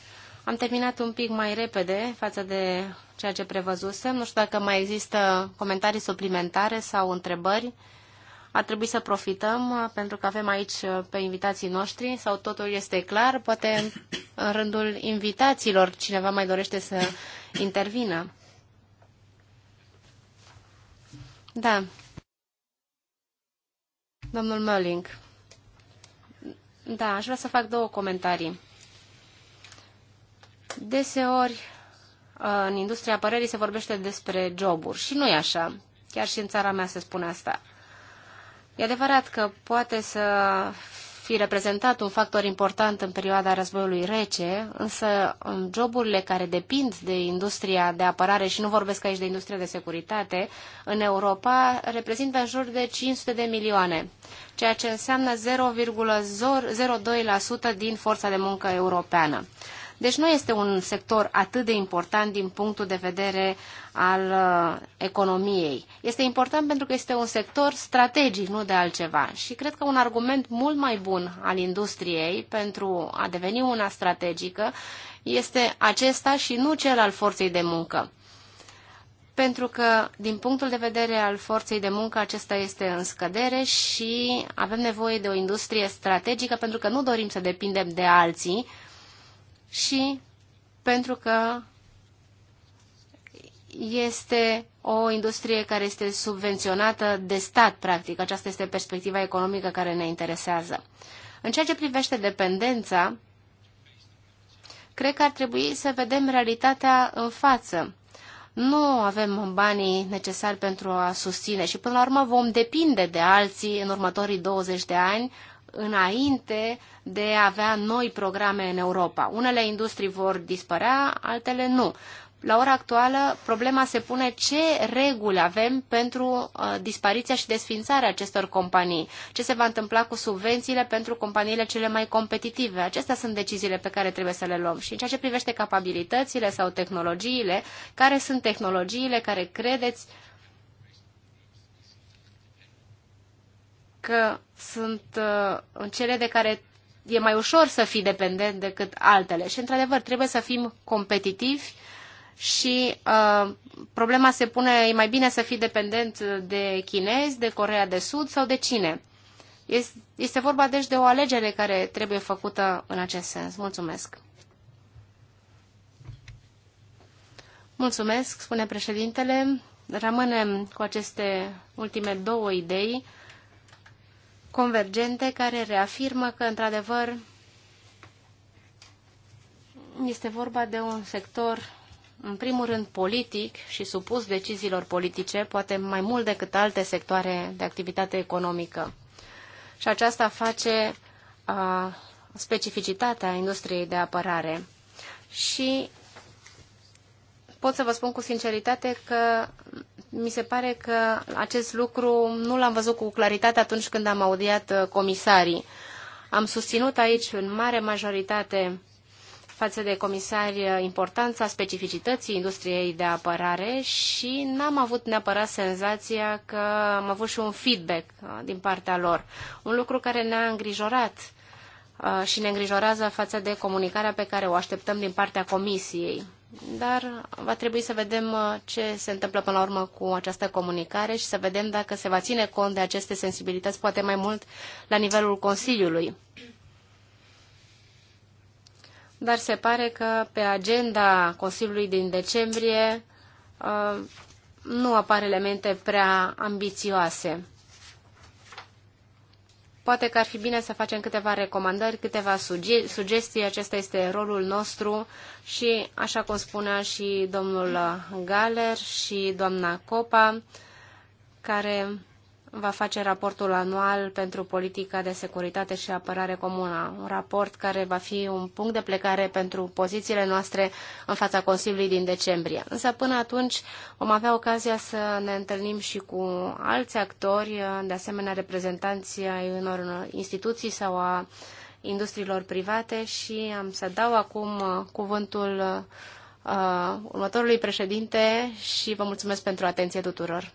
Am terminat un pic mai repede față de ceea ce prevăzusem. Nu știu dacă mai există comentarii suplimentare sau întrebări. Ar trebui să profităm uh, pentru că avem aici uh, pe invitații noștri sau totul este clar. Poate în rândul invitațiilor cineva mai dorește să intervină. Da. Domnul Mölling. Da, aș vrea să fac două comentarii. Deseori, în industria părerii se vorbește despre joburi și nu e așa. Chiar și în țara mea se spune asta. E adevărat că poate să fi reprezentat un factor important în perioada războiului rece, însă în joburile care depind de industria de apărare, și nu vorbesc aici de industria de securitate, în Europa reprezintă în jur de 500 de milioane, ceea ce înseamnă 0,02% din forța de muncă europeană. Deci nu este un sector atât de important din punctul de vedere al uh, economiei. Este important pentru că este un sector strategic, nu de altceva. Și cred că un argument mult mai bun al industriei pentru a deveni una strategică este acesta și nu cel al forței de muncă pentru că, din punctul de vedere al forței de muncă, acesta este în scădere și avem nevoie de o industrie strategică, pentru că nu dorim să depindem de alții, și pentru că este o industrie care este subvenționată de stat, practic. Aceasta este perspectiva economică care ne interesează. În ceea ce privește dependența, cred că ar trebui să vedem realitatea în față. Nu avem banii necesari pentru a susține și până la urmă vom depinde de alții în următorii 20 de ani înainte de a avea noi programe în Europa. Unele industrii vor dispărea, altele nu. La ora actuală, problema se pune ce reguli avem pentru uh, dispariția și desfințarea acestor companii. Ce se va întâmpla cu subvențiile pentru companiile cele mai competitive? Acestea sunt deciziile pe care trebuie să le luăm. Și în ceea ce privește capabilitățile sau tehnologiile, care sunt tehnologiile care credeți că sunt uh, cele de care e mai ușor să fii dependent decât altele. Și, într-adevăr, trebuie să fim competitivi și uh, problema se pune, e mai bine să fii dependent de chinezi, de Corea de Sud sau de cine. Este, este vorba, deci, de o alegere care trebuie făcută în acest sens. Mulțumesc! Mulțumesc, spune președintele. Rămânem cu aceste ultime două idei convergente care reafirmă că, într-adevăr, este vorba de un sector, în primul rând, politic și supus deciziilor politice, poate mai mult decât alte sectoare de activitate economică. Și aceasta face a, specificitatea industriei de apărare. Și pot să vă spun cu sinceritate că mi se pare că acest lucru nu l-am văzut cu claritate atunci când am audiat uh, comisarii. Am susținut aici în mare majoritate față de comisari uh, importanța specificității industriei de apărare și n-am avut neapărat senzația că am avut și un feedback uh, din partea lor. Un lucru care ne-a îngrijorat și ne îngrijorează față de comunicarea pe care o așteptăm din partea comisiei dar va trebui să vedem uh, ce se întâmplă până la urmă cu această comunicare și să vedem dacă se va ține cont de aceste sensibilități, poate mai mult la nivelul Consiliului. Dar se pare că pe agenda Consiliului din decembrie uh, nu apar elemente prea ambițioase. Poate că ar fi bine să facem câteva recomandări, câteva suge- sugestii. Acesta este rolul nostru și, așa cum spunea și domnul Galer și doamna Copa, care va face raportul anual pentru politica de securitate și apărare comună, un raport care va fi un punct de plecare pentru pozițiile noastre în fața Consiliului din decembrie. Însă până atunci vom avea ocazia să ne întâlnim și cu alți actori, de asemenea reprezentanții ai unor instituții sau a industriilor private și am să dau acum uh, cuvântul uh, următorului președinte și vă mulțumesc pentru atenție tuturor.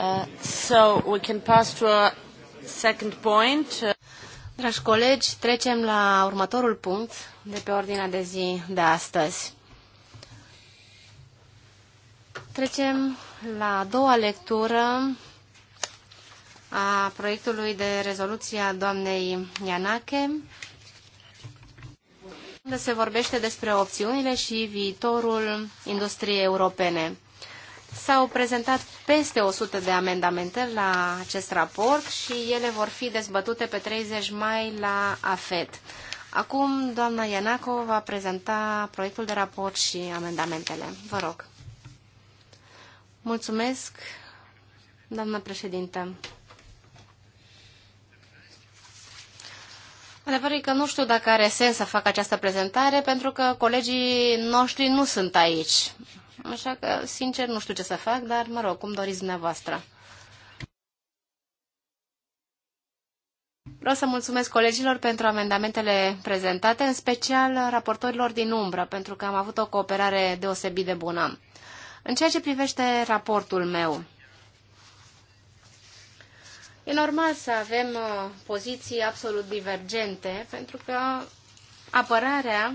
Uh, so we can pass to a second point. Uh, Dragi colegi, trecem la următorul punct de pe ordinea de zi de astăzi. Trecem la a doua lectură a proiectului de rezoluție a doamnei Ianache, unde se vorbește despre opțiunile și viitorul industriei europene. S-au prezentat peste 100 de amendamente la acest raport și ele vor fi dezbătute pe 30 mai la AFET. Acum doamna Ianaco va prezenta proiectul de raport și amendamentele. Vă rog. Mulțumesc, doamna președintă. Adevărul e că nu știu dacă are sens să fac această prezentare, pentru că colegii noștri nu sunt aici. Așa că, sincer, nu știu ce să fac, dar, mă rog, cum doriți dumneavoastră. Vreau să mulțumesc colegilor pentru amendamentele prezentate, în special raportorilor din umbră, pentru că am avut o cooperare deosebit de bună. În ceea ce privește raportul meu, e normal să avem uh, poziții absolut divergente, pentru că apărarea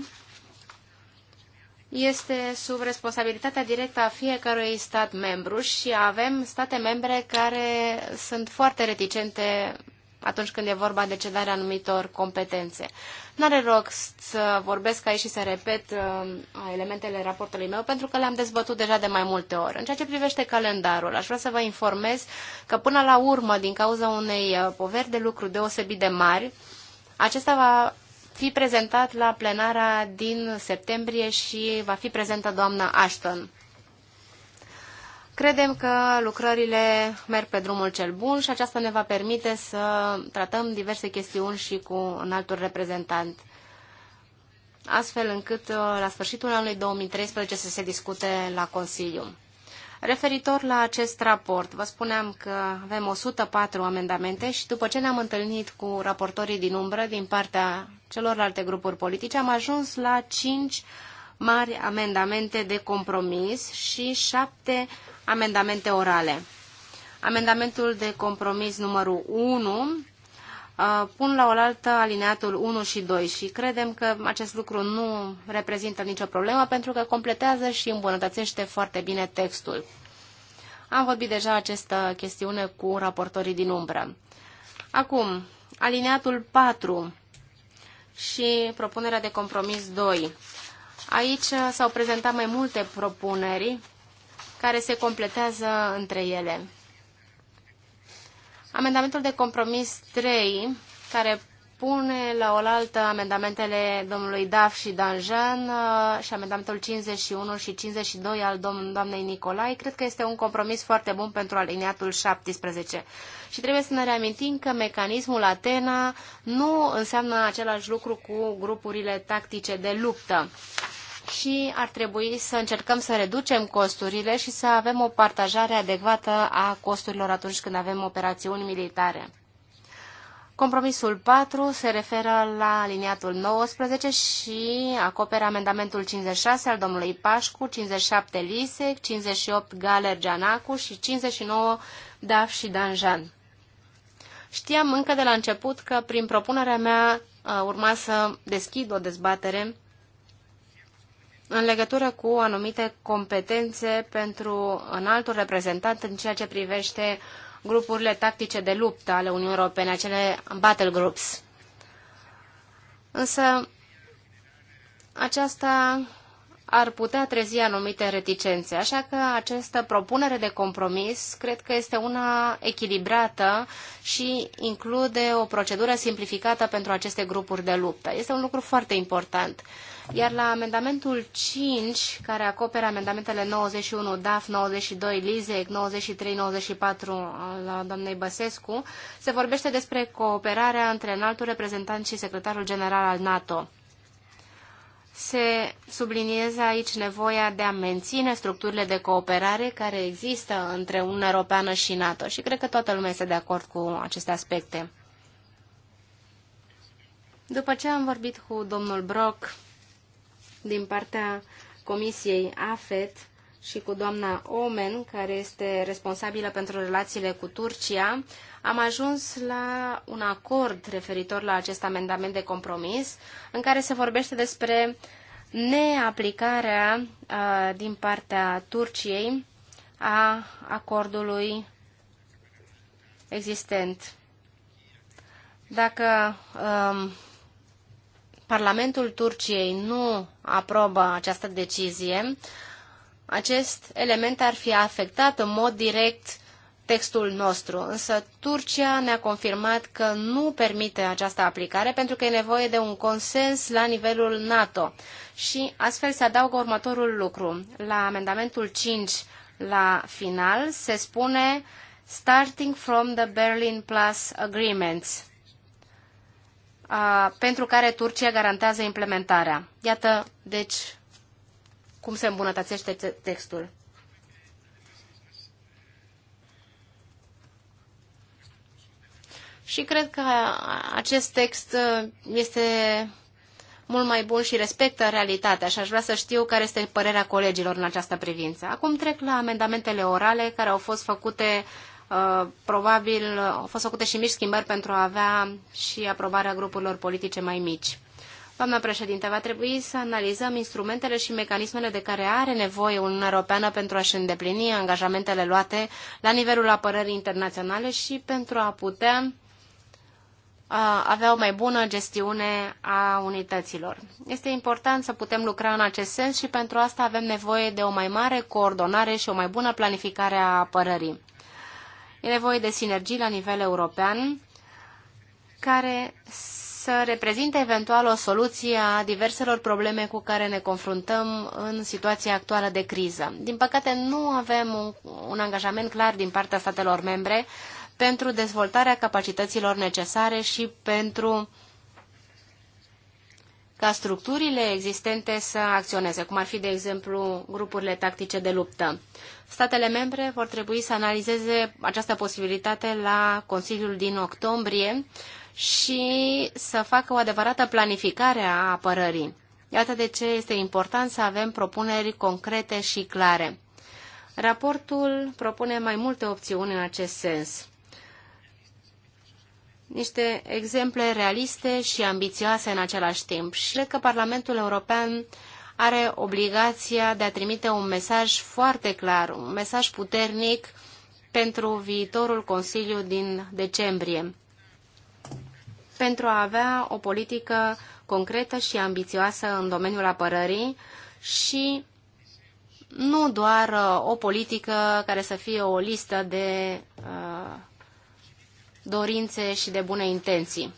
este sub responsabilitatea directă a fiecărui stat membru și avem state membre care sunt foarte reticente atunci când e vorba de cedarea anumitor competențe. N-are rost să vorbesc aici și să repet uh, elementele raportului meu, pentru că le-am dezbătut deja de mai multe ori. În ceea ce privește calendarul, aș vrea să vă informez că până la urmă, din cauza unei uh, poveri de lucru deosebit de mari, acesta va fi prezentat la plenara din septembrie și va fi prezentă doamna Ashton. Credem că lucrările merg pe drumul cel bun și aceasta ne va permite să tratăm diverse chestiuni și cu un altul reprezentant, astfel încât uh, la sfârșitul anului 2013 să se discute la Consiliu. Referitor la acest raport, vă spuneam că avem 104 amendamente și după ce ne-am întâlnit cu raportorii din umbră din partea celorlalte grupuri politice, am ajuns la cinci mari amendamente de compromis și șapte amendamente orale. Amendamentul de compromis numărul 1 uh, pun la oaltă alineatul 1 și 2 și credem că acest lucru nu reprezintă nicio problemă pentru că completează și îmbunătățește foarte bine textul. Am vorbit deja această chestiune cu raportorii din umbră. Acum, alineatul 4 și propunerea de compromis 2. Aici s-au prezentat mai multe propuneri care se completează între ele. Amendamentul de compromis 3, care pune la oaltă amendamentele domnului Daf și Danjan uh, și amendamentul 51 și 52 al doamnei Nicolai. Cred că este un compromis foarte bun pentru aliniatul 17. Și trebuie să ne reamintim că mecanismul Atena nu înseamnă același lucru cu grupurile tactice de luptă și ar trebui să încercăm să reducem costurile și să avem o partajare adecvată a costurilor atunci când avem operațiuni militare. Compromisul 4 se referă la aliniatul 19 și acoperă amendamentul 56 al domnului Pașcu, 57 Lisec, 58 Galer Gianacu și 59 Daf și Danjan. Știam încă de la început că prin propunerea mea uh, urma să deschid o dezbatere în legătură cu anumite competențe pentru înaltul reprezentant în ceea ce privește uh, grupurile tactice de luptă ale Uniunii Europene, acele battle groups. Însă aceasta ar putea trezi anumite reticențe, așa că această propunere de compromis cred că este una echilibrată și include o procedură simplificată pentru aceste grupuri de luptă. Este un lucru foarte important. Iar la amendamentul 5, care acoperă amendamentele 91, DAF 92, LISEC 93-94 al doamnei Băsescu, se vorbește despre cooperarea între înaltul reprezentant și secretarul general al NATO. Se subliniază aici nevoia de a menține structurile de cooperare care există între Uniunea Europeană și NATO și cred că toată lumea este de acord cu aceste aspecte. După ce am vorbit cu domnul Brock, din partea Comisiei AFET și cu doamna Omen, care este responsabilă pentru relațiile cu Turcia, am ajuns la un acord referitor la acest amendament de compromis, în care se vorbește despre neaplicarea a, uh, din partea Turciei a acordului existent. Dacă um, Parlamentul Turciei nu aprobă această decizie, acest element ar fi afectat în mod direct textul nostru. Însă Turcia ne-a confirmat că nu permite această aplicare pentru că e nevoie de un consens la nivelul NATO. Și astfel se adaugă următorul lucru. La amendamentul 5, la final, se spune starting from the Berlin Plus Agreements a, pentru care Turcia garantează implementarea. Iată, deci, cum se îmbunătățește textul. Și cred că acest text uh, este mult mai bun și respectă realitatea și aș vrea să știu care este părerea colegilor în această privință. Acum trec la amendamentele orale care au fost făcute Uh, probabil au fost făcute și mici schimbări pentru a avea și aprobarea grupurilor politice mai mici. Doamna președinte, va trebui să analizăm instrumentele și mecanismele de care are nevoie Uniunea Europeană pentru a-și îndeplini angajamentele luate la nivelul apărării internaționale și pentru a putea uh, avea o mai bună gestiune a unităților. Este important să putem lucra în acest sens și pentru asta avem nevoie de o mai mare coordonare și o mai bună planificare a apărării. E nevoie de sinergii la nivel european care să reprezinte eventual o soluție a diverselor probleme cu care ne confruntăm în situația actuală de criză. Din păcate, nu avem un, un angajament clar din partea statelor membre pentru dezvoltarea capacităților necesare și pentru ca structurile existente să acționeze, cum ar fi, de exemplu, grupurile tactice de luptă. Statele membre vor trebui să analizeze această posibilitate la Consiliul din octombrie și să facă o adevărată planificare a apărării. Iată de ce este important să avem propuneri concrete și clare. Raportul propune mai multe opțiuni în acest sens niște exemple realiste și ambițioase în același timp. Și cred că Parlamentul European are obligația de a trimite un mesaj foarte clar, un mesaj puternic pentru viitorul Consiliu din decembrie, pentru a avea o politică concretă și ambițioasă în domeniul apărării și nu doar uh, o politică care să fie o listă de uh, dorințe și de bune intenții.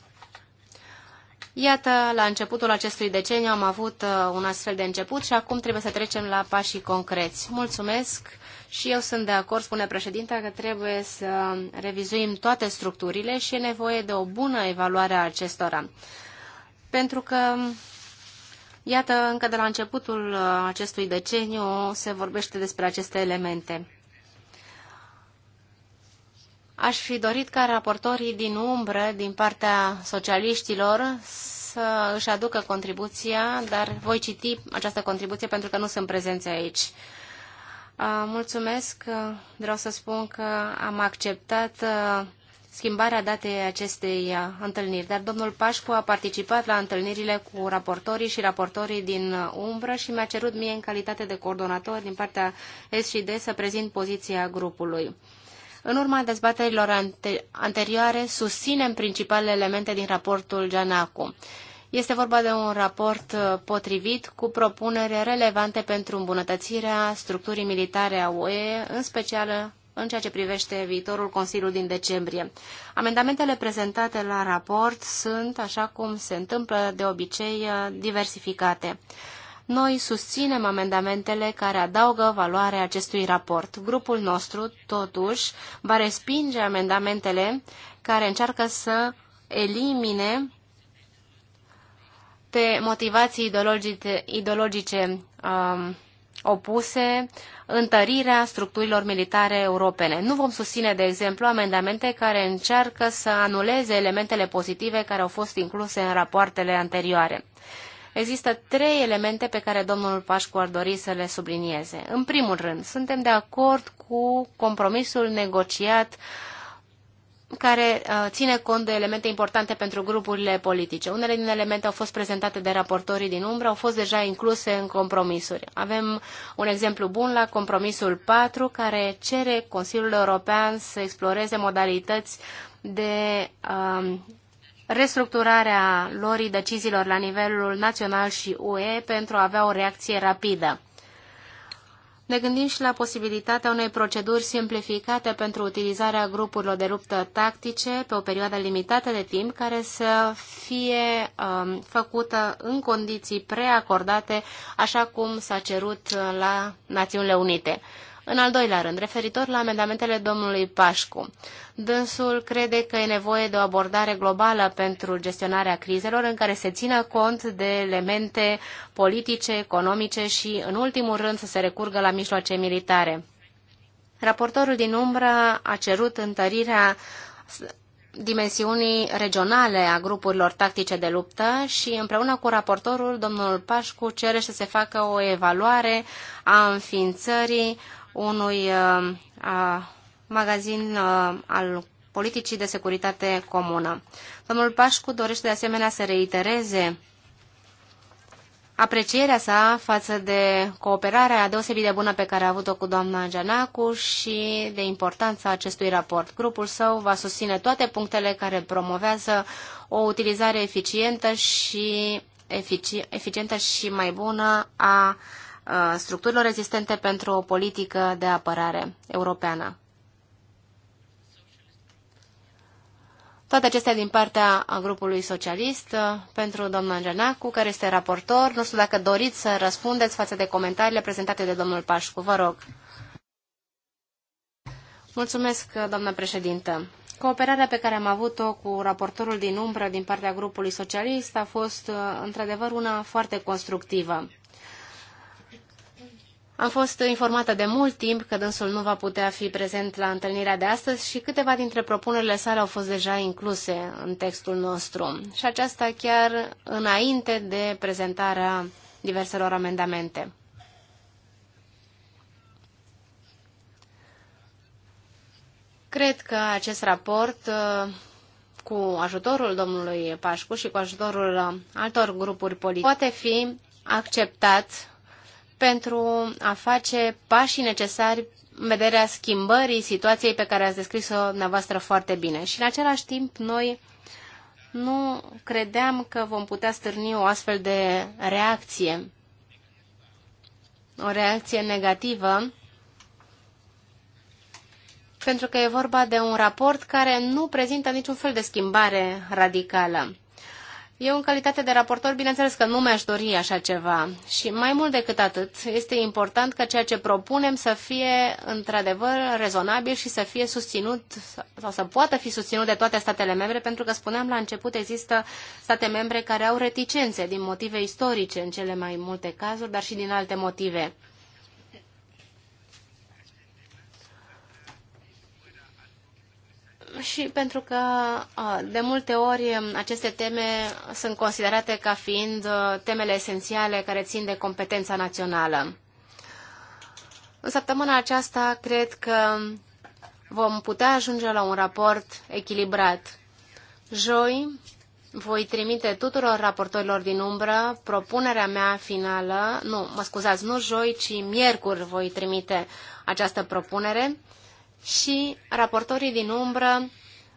Iată, la începutul acestui deceniu am avut uh, un astfel de început și acum trebuie să trecem la pașii concreți. Mulțumesc și eu sunt de acord, spune președinta, că trebuie să revizuim toate structurile și e nevoie de o bună evaluare a acestora. Pentru că Iată, încă de la începutul uh, acestui deceniu se vorbește despre aceste elemente. Aș fi dorit ca raportorii din umbră, din partea socialiștilor, să își aducă contribuția, dar voi citi această contribuție pentru că nu sunt prezenți aici. Mulțumesc. Vreau să spun că am acceptat schimbarea datei acestei întâlniri, dar domnul Pașcu a participat la întâlnirile cu raportorii și raportorii din umbră și mi-a cerut mie în calitate de coordonator din partea S&D să prezint poziția grupului. În urma dezbaterilor anterioare, susținem principalele elemente din raportul Gianacu. Este vorba de un raport uh, potrivit cu propunere relevante pentru îmbunătățirea structurii militare a UE, în special uh, în ceea ce privește viitorul Consiliu din decembrie. Amendamentele prezentate la raport sunt, așa cum se întâmplă de obicei, uh, diversificate. Noi susținem amendamentele care adaugă valoare acestui raport. Grupul nostru, totuși, va respinge amendamentele care încearcă să elimine pe motivații ideologice, ideologice um, opuse întărirea structurilor militare europene. Nu vom susține, de exemplu, amendamente care încearcă să anuleze elementele pozitive care au fost incluse în rapoartele anterioare. Există trei elemente pe care domnul Pașcu ar dori să le sublinieze. În primul rând, suntem de acord cu compromisul negociat care uh, ține cont de elemente importante pentru grupurile politice. Unele din elemente au fost prezentate de raportorii din umbră, au fost deja incluse în compromisuri. Avem un exemplu bun la compromisul 4, care cere Consiliul European să exploreze modalități de uh, restructurarea lorii deciziilor la nivelul național și UE pentru a avea o reacție rapidă. Ne gândim și la posibilitatea unei proceduri simplificate pentru utilizarea grupurilor de luptă tactice pe o perioadă limitată de timp care să fie um, făcută în condiții preacordate, așa cum s-a cerut la Națiunile Unite. În al doilea rând, referitor la amendamentele domnului Pașcu, dânsul crede că e nevoie de o abordare globală pentru gestionarea crizelor în care se țină cont de elemente politice, economice și, în ultimul rând, să se recurgă la mijloace militare. Raportorul din umbră a cerut întărirea dimensiunii regionale a grupurilor tactice de luptă și împreună cu raportorul, domnul Pașcu cere să se facă o evaluare a înființării unui uh, magazin uh, al politicii de securitate comună. Domnul Pașcu dorește de asemenea să reitereze aprecierea sa față de cooperarea deosebit de bună pe care a avut-o cu doamna Gianacu și de importanța acestui raport. Grupul său va susține toate punctele care promovează o utilizare eficientă și efici eficientă și mai bună a Uh, structurilor existente pentru o politică de apărare europeană. Toate acestea din partea a grupului socialist uh, pentru domnul Angenacu, care este raportor. Nu știu dacă doriți să răspundeți față de comentariile prezentate de domnul Pașcu. Vă rog. Mulțumesc, uh, doamnă președintă. Cooperarea pe care am avut-o cu raportorul din umbră din partea grupului socialist a fost, într-adevăr, una foarte constructivă. Am fost informată de mult timp că dânsul nu va putea fi prezent la întâlnirea de astăzi și câteva dintre propunerile sale au fost deja incluse în textul nostru. Și aceasta chiar înainte de prezentarea diverselor amendamente. Cred că acest raport, uh, cu ajutorul domnului Pașcu și cu ajutorul altor grupuri politice, poate fi acceptat pentru a face pașii necesari în vederea schimbării situației pe care ați descris-o dumneavoastră foarte bine. Și în același timp, noi nu credeam că vom putea stârni o astfel de reacție, o reacție negativă, pentru că e vorba de un raport care nu prezintă niciun fel de schimbare radicală. Eu, în calitate de raportor, bineînțeles că nu mi-aș dori așa ceva. Și mai mult decât atât, este important ca ceea ce propunem să fie, într-adevăr, rezonabil și să fie susținut sau să poată fi susținut de toate statele membre, pentru că, spuneam la început, există state membre care au reticențe din motive istorice în cele mai multe cazuri, dar și din alte motive. și pentru că de multe ori aceste teme sunt considerate ca fiind temele esențiale care țin de competența națională. În săptămâna aceasta cred că vom putea ajunge la un raport echilibrat. Joi voi trimite tuturor raportorilor din umbră propunerea mea finală, nu, mă scuzați, nu joi, ci miercuri voi trimite această propunere și raportorii din umbră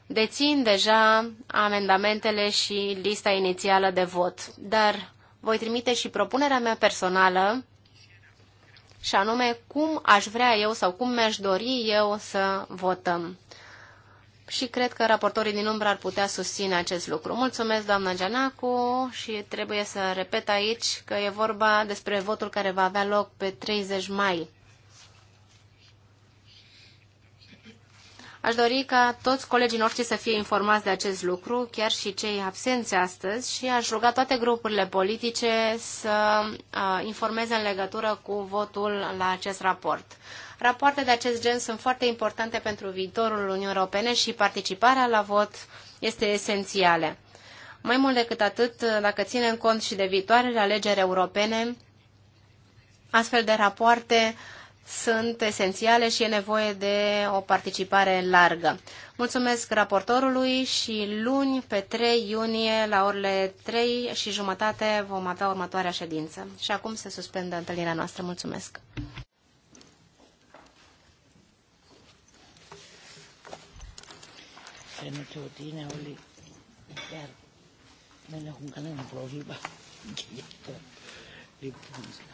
dețin deja amendamentele și lista inițială de vot, dar voi trimite și propunerea mea personală și anume cum aș vrea eu sau cum mi-aș dori eu să votăm. Și cred că raportorii din umbră ar putea susține acest lucru. Mulțumesc, doamna Gianacu, și trebuie să repet aici că e vorba despre votul care va avea loc pe 30 mai. Aș dori ca toți colegii noștri să fie informați de acest lucru, chiar și cei absenți astăzi, și aș ruga toate grupurile politice să informeze în legătură cu votul la acest raport. Rapoarte de acest gen sunt foarte importante pentru viitorul Uniunii Europene și participarea la vot este esențială. Mai mult decât atât, dacă ținem cont și de viitoarele alegeri europene, astfel de rapoarte uh, sunt esențiale și e nevoie de o participare largă. Mulțumesc raportorului și luni, pe 3 iunie, la orele 3 și jumătate, vom avea următoarea ședință. Și acum se suspendă întâlnirea noastră. Mulțumesc! freno te oli